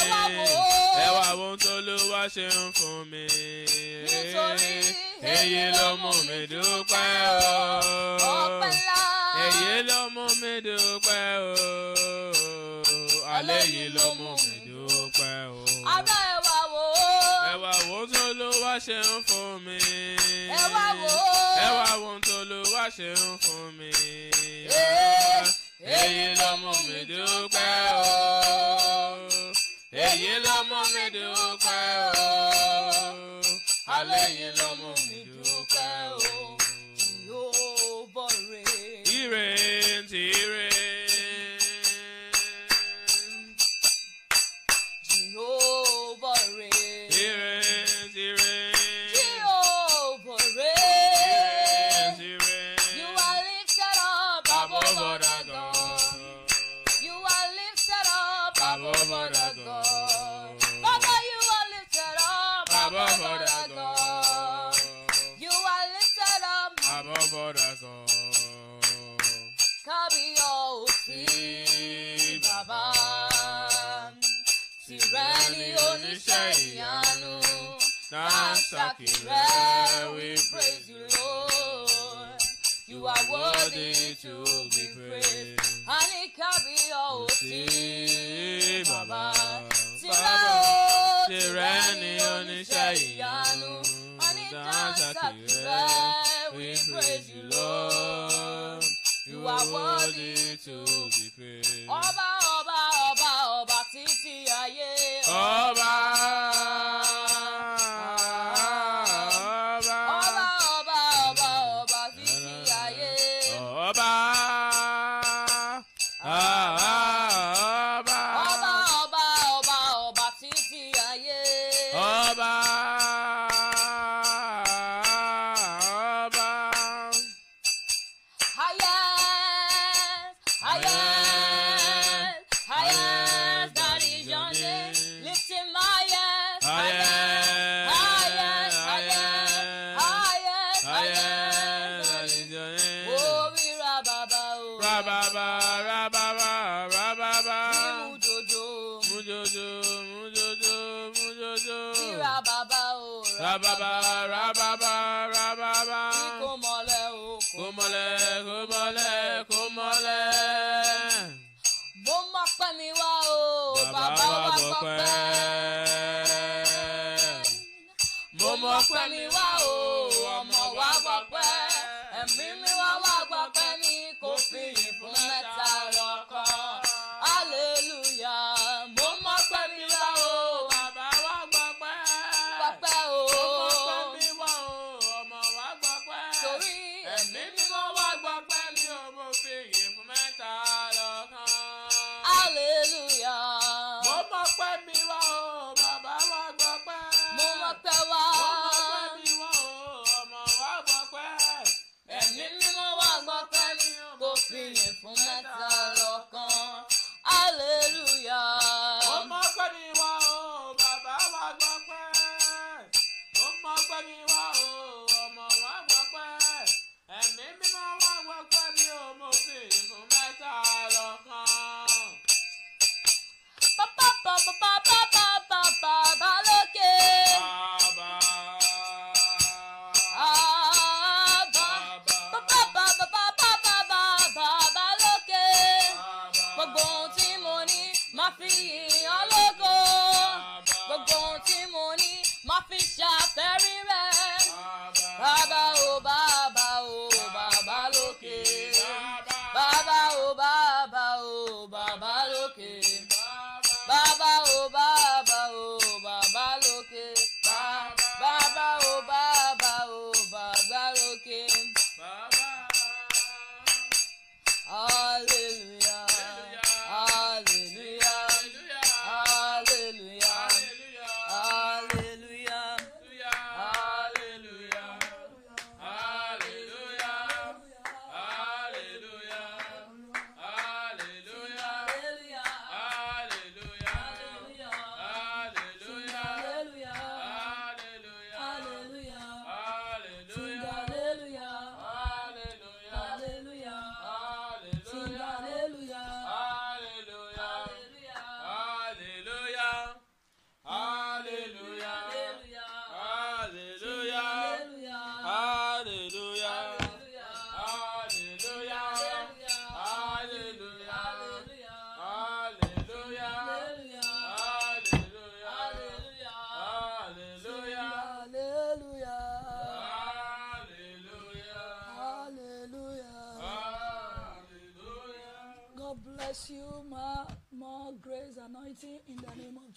ẹwà wò ó. ẹwà wò tó ló wá ṣe fún mi. nítorí èyí lọmọ mi dúpẹ́ o. ọpẹ́ ńlá èyí ah. ló mú mi dúpẹ́ o alẹ́ yìí ló mú mi dúpẹ́ o. abá ẹwà wò ó. ẹwà wò ó tó ló wá ṣe ń fún mi. ẹwà wò ó. ẹwà wò ó tó ló wá ṣe ń fún mi. Eh, ah, èyí ló mú mi dúpẹ́ o. èyí ló mú mi dúpẹ́ o. alẹ́ yìí ló mú mi. Makerah, we praise you, Lord. You are worthy to be praised. Anikabi Osi Baba, Tina Tirani Onishayanu, Anidasa Kira, we praise you, Lord. You are worthy to be praised.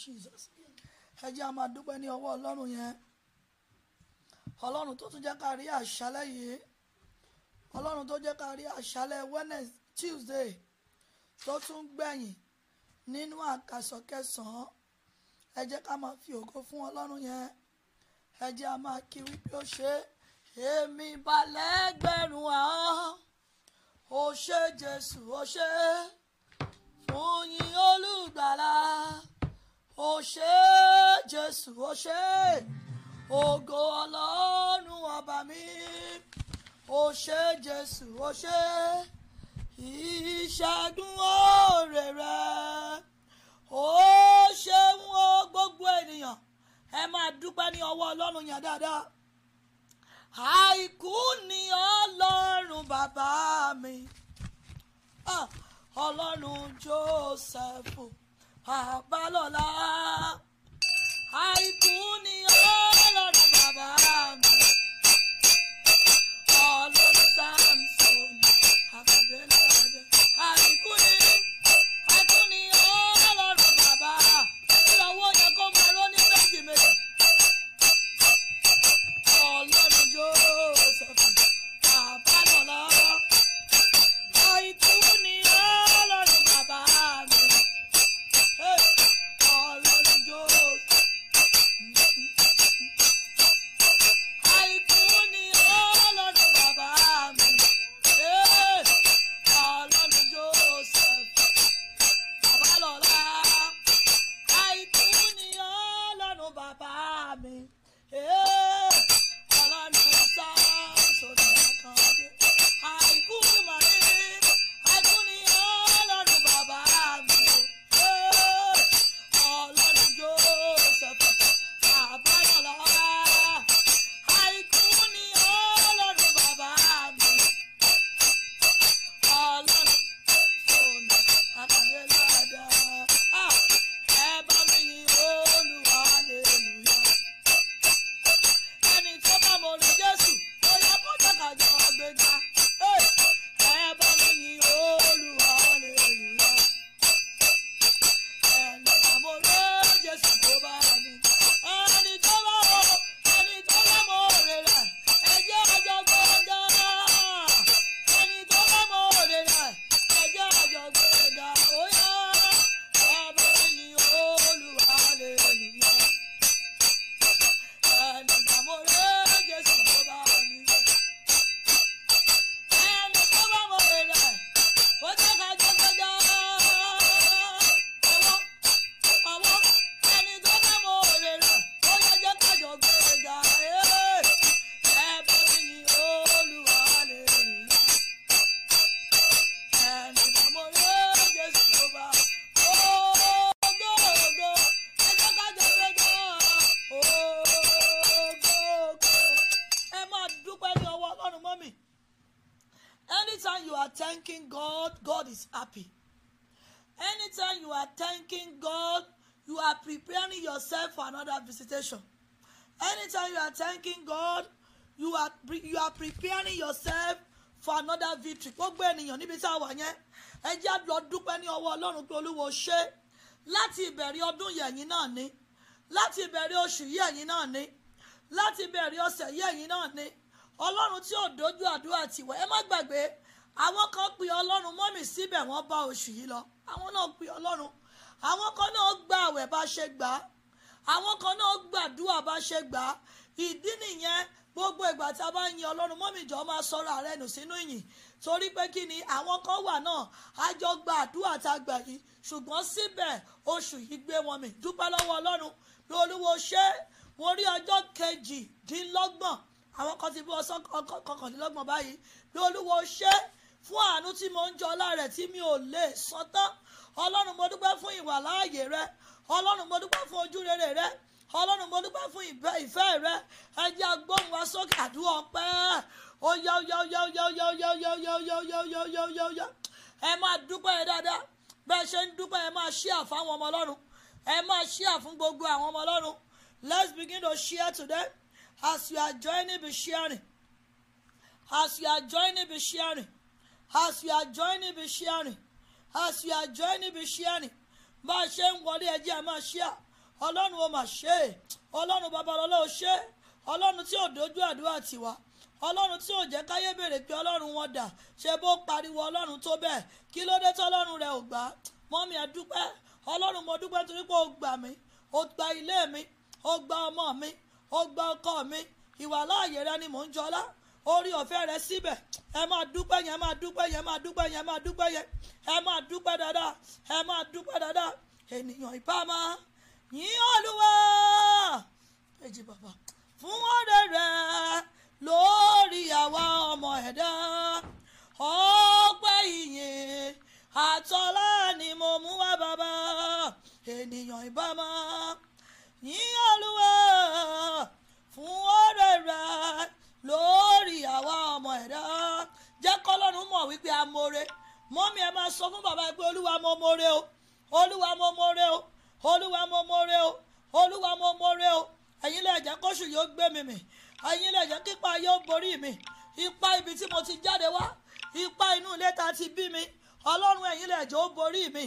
Jesus ẹ jẹ́ a máa dúpẹ́ ní ọwọ́ ọlọ́run yẹn ọlọ́run tó tún jẹ́ ká rí àṣálẹ́ yìí ọlọ́run tó jẹ́ ká rí àṣálẹ́ Wednesday Tuesday tó tún gbẹ̀yìn nínú àkàsọ̀ ẹ jẹ́ ká máa fi ògo fún ọlọ́run yẹn ẹ jẹ́ a máa kí wípé ó ṣe èmi balẹ̀ gbẹ̀rún àwọn ó ṣe Jésù ó ṣe fún yín olùgbàlà ó ṣé jésù ó ṣé ògo ọlọ́run ọba mi ó ṣé jésù ó ṣé ìṣẹ́gun òòrè rẹ ó ṣeun ó gbogbo ènìyàn ẹ máa dúpẹ́ ní ọwọ́ ọlọ́run yẹn dáadáa àìkú ni ọlọ́run bàbá mi ah, ọlọ́run Jósẹ́fù. Ah, àbálọ́lá àìkú ni ọlọ́run bàbá. for another visitation. Anytime you are thanking God, you are you are preparing yourself for another victory. Gbogbo ènìyàn níbi tí a wà yẹn, ẹ jẹ́ àdúrà dúpẹ́ ní ọwọ́ Ọlọ́run pé Olúwo ṣe. Láti ìbẹ̀rẹ̀ ọdún yẹ̀yìn náà ni. Láti ìbẹ̀rẹ̀ oṣù yẹ̀yìn náà ni. Láti ìbẹ̀rẹ̀ ọ̀sẹ̀ yẹ̀yìn náà ni. Ọlọ́run tí ò dojú àdúrà tiwọ̀. Ẹ má gbàgbé àwọn kan pe Ọlọ́run mọ́mì síbẹ̀ wọ́n bá oṣù yìí lọ. Àwọn náà pe Ọlọ́run. Àwọn kan náà gba àwẹ̀ bá ṣe gbà á àwọn kan náà gbàdúrà bá ṣe gbà á ìdí nìyẹn gbogbo ìgbà tá a bá yin ọlọ́run mọ́mìjọ́ máa sọ̀rọ̀ ààrẹ nù sínú ìyìn torí pé kí ni àwọn kan wà náà a jọ gba àdúrà tá a gbà yìí ṣùgbọ́n síbẹ̀ oṣù yìí gbé wọn mì dúpẹ́ lọ́wọ́ ọlọ́run bí olúwo ṣe mo rí ọjọ́ kejìdínlọ́gbọ̀n àwọn kan ti bí ọsán kọkàndínlọ́gbọ̀n báyìí bí olúwo ṣe fún àánú tí mo ń jọ ọlá rẹ̀ tí mi ò lè sọ tán ọlọ́run mo dúpẹ́ fún ìwà láàyè rẹ̀ ọlọ́run mo dúpẹ́ fún ojú rere rẹ ọlọ́run mo dúpẹ́ fún ìfẹ́ rẹ ẹ jẹ́ a gbóhùn wa sókè àdúrà ọpẹ́ ó yá ó yá ó yá ó yá ó yá ó yá ó yá ó yá ó yá ó yá ó yá ó yá ó yá ẹ máa dúpẹ́ yẹn dáadáa bẹ́ẹ̀ ṣe ń dúpẹ́ ẹ máa ṣíà fáwọn ọmọ ọlọ́run ẹ máa ṣíà fún gbogbo àwọn ọmọ ọlọ́run let's begin to share today as you are joining be sharing as you are joining be sharing as you are joining be sharing as you are joining be sharing bá a ṣe ń wọlé ẹjẹ́ a máa ṣe à ọlọ́run ó máa ṣe é ọlọ́run babalọ́lá ó ṣe é ọlọ́run tí ò dojú àdúrà tiwa ọlọ́run tí ò jẹ́ káyé béèrè pé ọlọ́run wọn dà ṣe bó pariwo ọlọ́run tó bẹ́ẹ̀ kí ló dé tọ́lọ́run rẹ ò gbà mọ́mí ẹ dúpẹ́ ọlọ́run mo dúpẹ́ torí pé o gbà mí o gba ilé mi o gba ọmọ mi o gba ọkọ mi ìwà láàyè rẹ ni mò ń jọlá orí ọ̀fẹ́ rẹ síbẹ̀ ẹ máa dúpẹ́ yẹn máa dúpẹ́ yẹn máa dúpẹ́ yẹn máa dúpẹ́ yẹn ẹ máa dúpẹ́ dáadáa ẹ máa dúpẹ́ dáadáa ènìyàn ìbámu yín olúwa èjì bàbá fún ọrẹ rẹ lórí àwa ọmọ ẹ̀dá ọpẹ́ ìyìn àtọlá ni mo mú wá bàbá ènìyàn ìbámu yín olúwa. mọ̀ wípé a more mọ́mí ẹ máa sọ fún bàbá pé olúwa mo more o olúwa mo more o olúwa mo more o olúwa mo more o ẹ̀yin lè jẹ́ kóṣù yóò gbé mi mì ẹ̀yin lè jẹ́ kípa yóò borí mi ipa ibi tí mo ti jáde wá ipa inú ilé ta ti bí mi ọlọ́run ẹ̀yin lè jẹ́ ó borí mi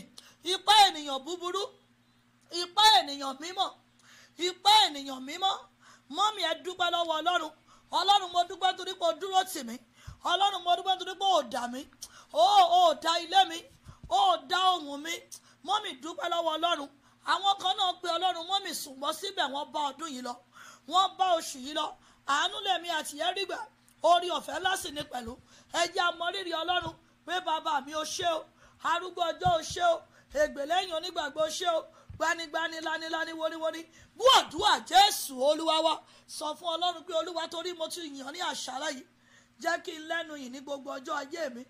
ipa ènìyàn búburú ipa ènìyàn mímọ́ ipa ènìyàn mímọ́ mọ́mí ẹ dúpẹ́ lọ́wọ́ ọlọ́run ọlọ́run mo dúpẹ́ torí pé o dúró tì mí ọlọ́run mo dúpẹ́ nítorí pé ò dà mí ó ò dà ilé mi ó dà ohùn mi mọ́mì dúpẹ́ lọ́wọ́ ọlọ́run àwọn kan náà pe ọlọ́run mọ́mì ṣùgbọ́n síbẹ̀ wọ́n bá ọdún yìí lọ wọ́n bá oṣù yìí lọ àánú lèmi àtìyẹ́ rí gbà orí ọ̀fẹ́ lásì ni pẹ̀lú ẹjẹ́ amọ̀rírì ọlọ́run pé bàbá mi ò ṣe o arúgbó ọjọ́ ò ṣe o ègbèlẹ́yìn onígbàgbọ́ ò ṣe o gbanigbani lanilani wóríwórí bú àdúrà jésù olúwa sọ fún ọlọ́run pé olúwa torí mo ti yàn ní àṣálẹ́ jẹ́ kí n lẹ́nu yìí ní gbogbo ọjọ́ ayé mi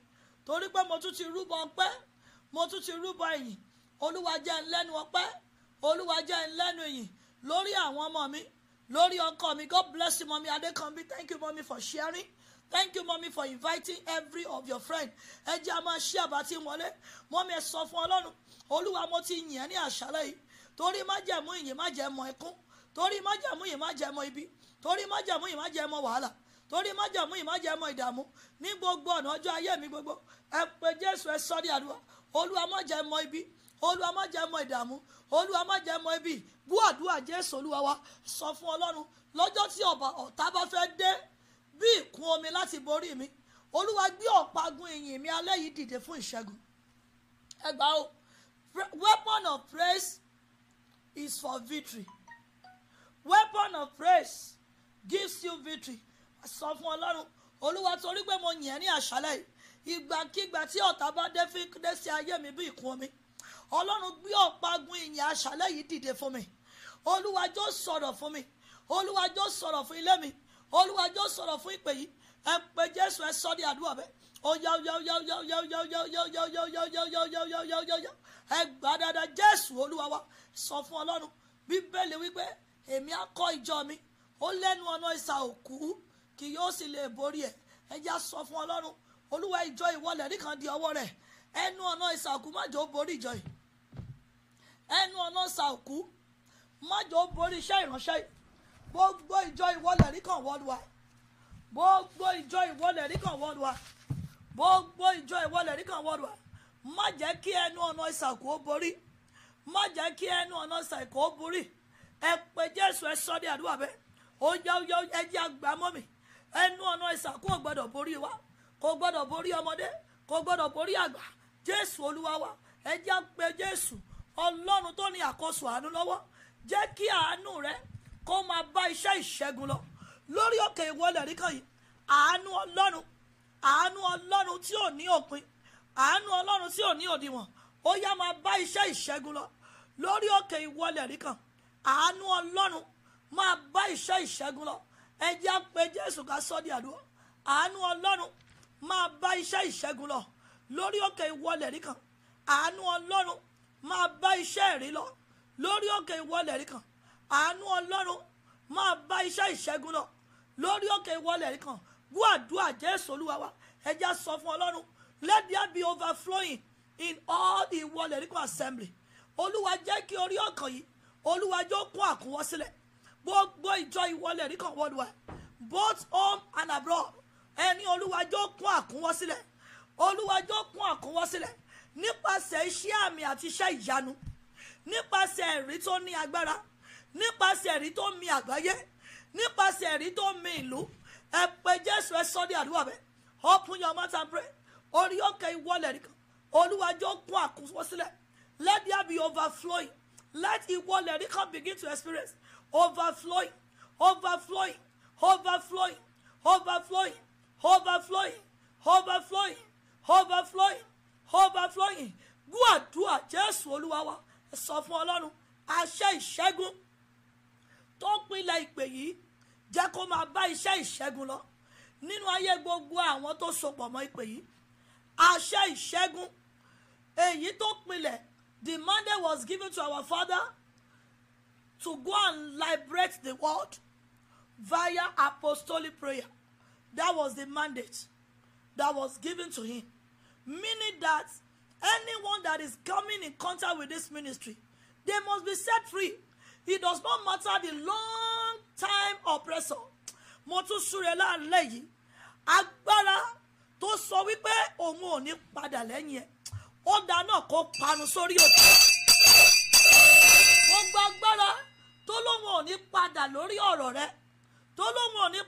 torí pé mo tún ti rúbọ ọpẹ́ mo tún ti rúbọ ìyìn olúwa jẹ́ n lẹ́nu ọpẹ́ olúwa jẹ́ n lẹ́nu ìyìn lórí àwọn ọmọ mi lórí ọkọ mi god bless you mọ́mí adékanbí thank you mọ́mí for sharing thank you mọ́mí for inviting every of your friend ẹ jẹ́ a máa ṣí àbátí wọlé mọ́mí ẹ sọ fún ọlọ́run olúwa mo ti yìn ẹ́ ní àṣálẹ́ yìí torí májẹ̀mú ìyìn májẹ̀mọ́ ẹkún torí májẹ̀mú ìyìn májẹ̀mọ́ ibi torí májẹ̀mú ìyìn májẹ̀mọ́ wàhálà torí májàmú ìmájàmú ìdààmú ní gbogbo ọ̀nà ọjọ́ ayé mi gbogbo ẹ pé jésù ẹ sọ àdúrà olúwa májàmú ibi olúwa májàmú ìdààmú olúwa májàmú ibi bú àdúrà jésù olúwa wa sọ fún ọlọ́run lọ́jọ́ tí ọ̀tá bá fẹ́ dé bí ìkún omi láti borí mi olúwa gbé ọ̀págun ìyìn mi alẹ́ yìí dìde fún ìṣẹ́gun ẹgbàá o weapon of praise is for victory weapon of praise gives you victory sọ fún ọlọ́run olúwa torí pé mo yàn ní àṣálẹ̀ yìí ìgbàkigbà tí ọ̀tá bá dé fi dé sí ayé mi bí ìkún omi ọlọ́run gbé ọ̀págun ìyìn àṣálẹ̀ yìí dìde fún mi olúwa jọ sọ̀rọ̀ fún mi olúwa jọ sọ̀rọ̀ fún ilé mi olúwa jọ sọ̀rọ̀ fún ìpè yìí ẹ pé jésù ẹ sọ́ di àdúrà bẹ́ẹ̀ ẹgbà dada jésù olúwa wa sọ fún ọlọ́run bíbélì wípé èmi á kọ́ ìjọ mi ó lẹ́nu ọ̀nà ìsà òkú kì yóò sì lè borí ẹ̀ ẹjẹ́ sọ fún ọlọ́run olúwa ìjọ ìwọlẹ̀ rí di ọwọ́ rẹ̀ ẹnu ọ̀nà ìsàkú májò borí ìjọ yìí ẹnu ọ̀nà ìsàkú májò borí iṣẹ́ ìránṣẹ́ yìí gbogbo ìjọ ìwọlẹ̀ rí kan wọ́ọ̀dùwà gbogbo ìjọ ìwọlẹ̀ rí kan wọ́ọ̀dùwà gbogbo ìjọ ìwọlẹ̀ rí kan wọ́ọ̀dùwà má jẹ́ kí ẹnu ọ̀nà ìsàkú ó borí má jẹ́ kí ẹnu ọ̀nà ìsàkú ó borí ẹ pé jésù ẹ sọ ní àdúrà bẹ́ẹ̀ ó yá ó yá ẹ jẹ́ àgbà mọ́ mi ẹnu ọ̀nà ìsà kò gbọ́dọ̀ borí wa kò gbọ́dọ̀ borí ọmọdé kò gbọ́dọ̀ borí àgbà jésù olúwa wa ẹ jẹ́ à ń pe jésù ọlọ́run tó ní àkóso àánú lọ́wọ́ jẹ́ kí àánú rẹ kó máa bá iṣẹ́ ìṣẹ́gun lọ lórí òkè ìwọlẹ̀ rí kan yìí àánú ọlọ́run àánú ọlọ́run tí ò ní òpin àánú ọlọ́run tí ò ní òdiwọ̀n ó yá máa bá iṣẹ́ ìṣẹ́gun lọ lórí òkè ìwọlẹ̀ rí kan àánú ọlọ́run máa bá iṣẹ́ ìṣẹ́gun lọ ẹ jẹ́ pé jésù ká sọ́ di àdúrà àánú ọlọ́run máa bá iṣẹ́ ìṣẹ́gun lọ lórí òkè ìwọlẹ̀ rí kan àánú ọlọ́run máa bá iṣẹ́ ìrí lọ lórí òkè ìwọlẹ̀ rí kan àánú ọlọ́run máa bá iṣẹ́ ìṣẹ́gun lọ lórí òkè ìwọlẹ̀ rí kan bú àdúrà jésù olúwa ẹ jẹ́ sọ fún ọlọ́run let there be overflowing in all the ìwọlẹ̀ rí kan assembly olúwa jẹ́ kí orí ọkàn yìí olúwa jọ kún àkúnwọ́sílẹ̀ gbogbo ìjọ ìwọlé rí kan both home and abroad ẹni olúwàjọ kún àkúnwọ́ sílẹ̀ olúwàjọ kún àkúnwọ́ sílẹ̀ nípasẹ̀ iṣẹ́ àmì àti iṣẹ́ ìyanu nípasẹ̀ ẹ̀rí tó ní agbára nípasẹ̀ ẹ̀rí tó mi àgbáyé nípasẹ̀ ẹ̀rí tó mi ìlú ẹ pé jésù ẹ sọ́ ní àdúrà bẹ́ẹ̀ open your mouth and pray orí òkè ìwọlẹ̀ rí kan olúwàjọ kún àkúnwọ́ sílẹ̀ let there be overflowing let ìwọlẹ̀ rí begin to experience overflowing, overflowing, overflowing, overflowing, overflowing, overflowing, overflowing, overflowing. Gbọ́ àdúrà Jésù Olúwa wa, ẹ sọ fún Ọlọ́run, àṣẹ ìṣẹ́gun tó pinlẹ̀ ìpè yìí jẹ́ kó máa bá iṣẹ́ ìṣẹ́gun lọ nínú ayé gbogbo àwọn tó sopọ̀ mọ́ ìpè yìí àṣẹ ìṣẹ́gun èyí tó pinlẹ̀ the mandate was given to our father to go and liberate the world via apostolic prayer. That was the mandate that was given to him. Meaning that anyone that is coming in contact with this ministry, they must be set free. It does not matter the long time oppressor. Mo tún súre láàlẹ́ yìí. sọ wípé òun ò ní padà lẹ́yìn ẹ̀. Ó dáná kó panu sórí òtún. Mo gbàgbọ́ tó lóun ò ní padà lórí ọ̀rọ̀ rẹ tó lóun ò ní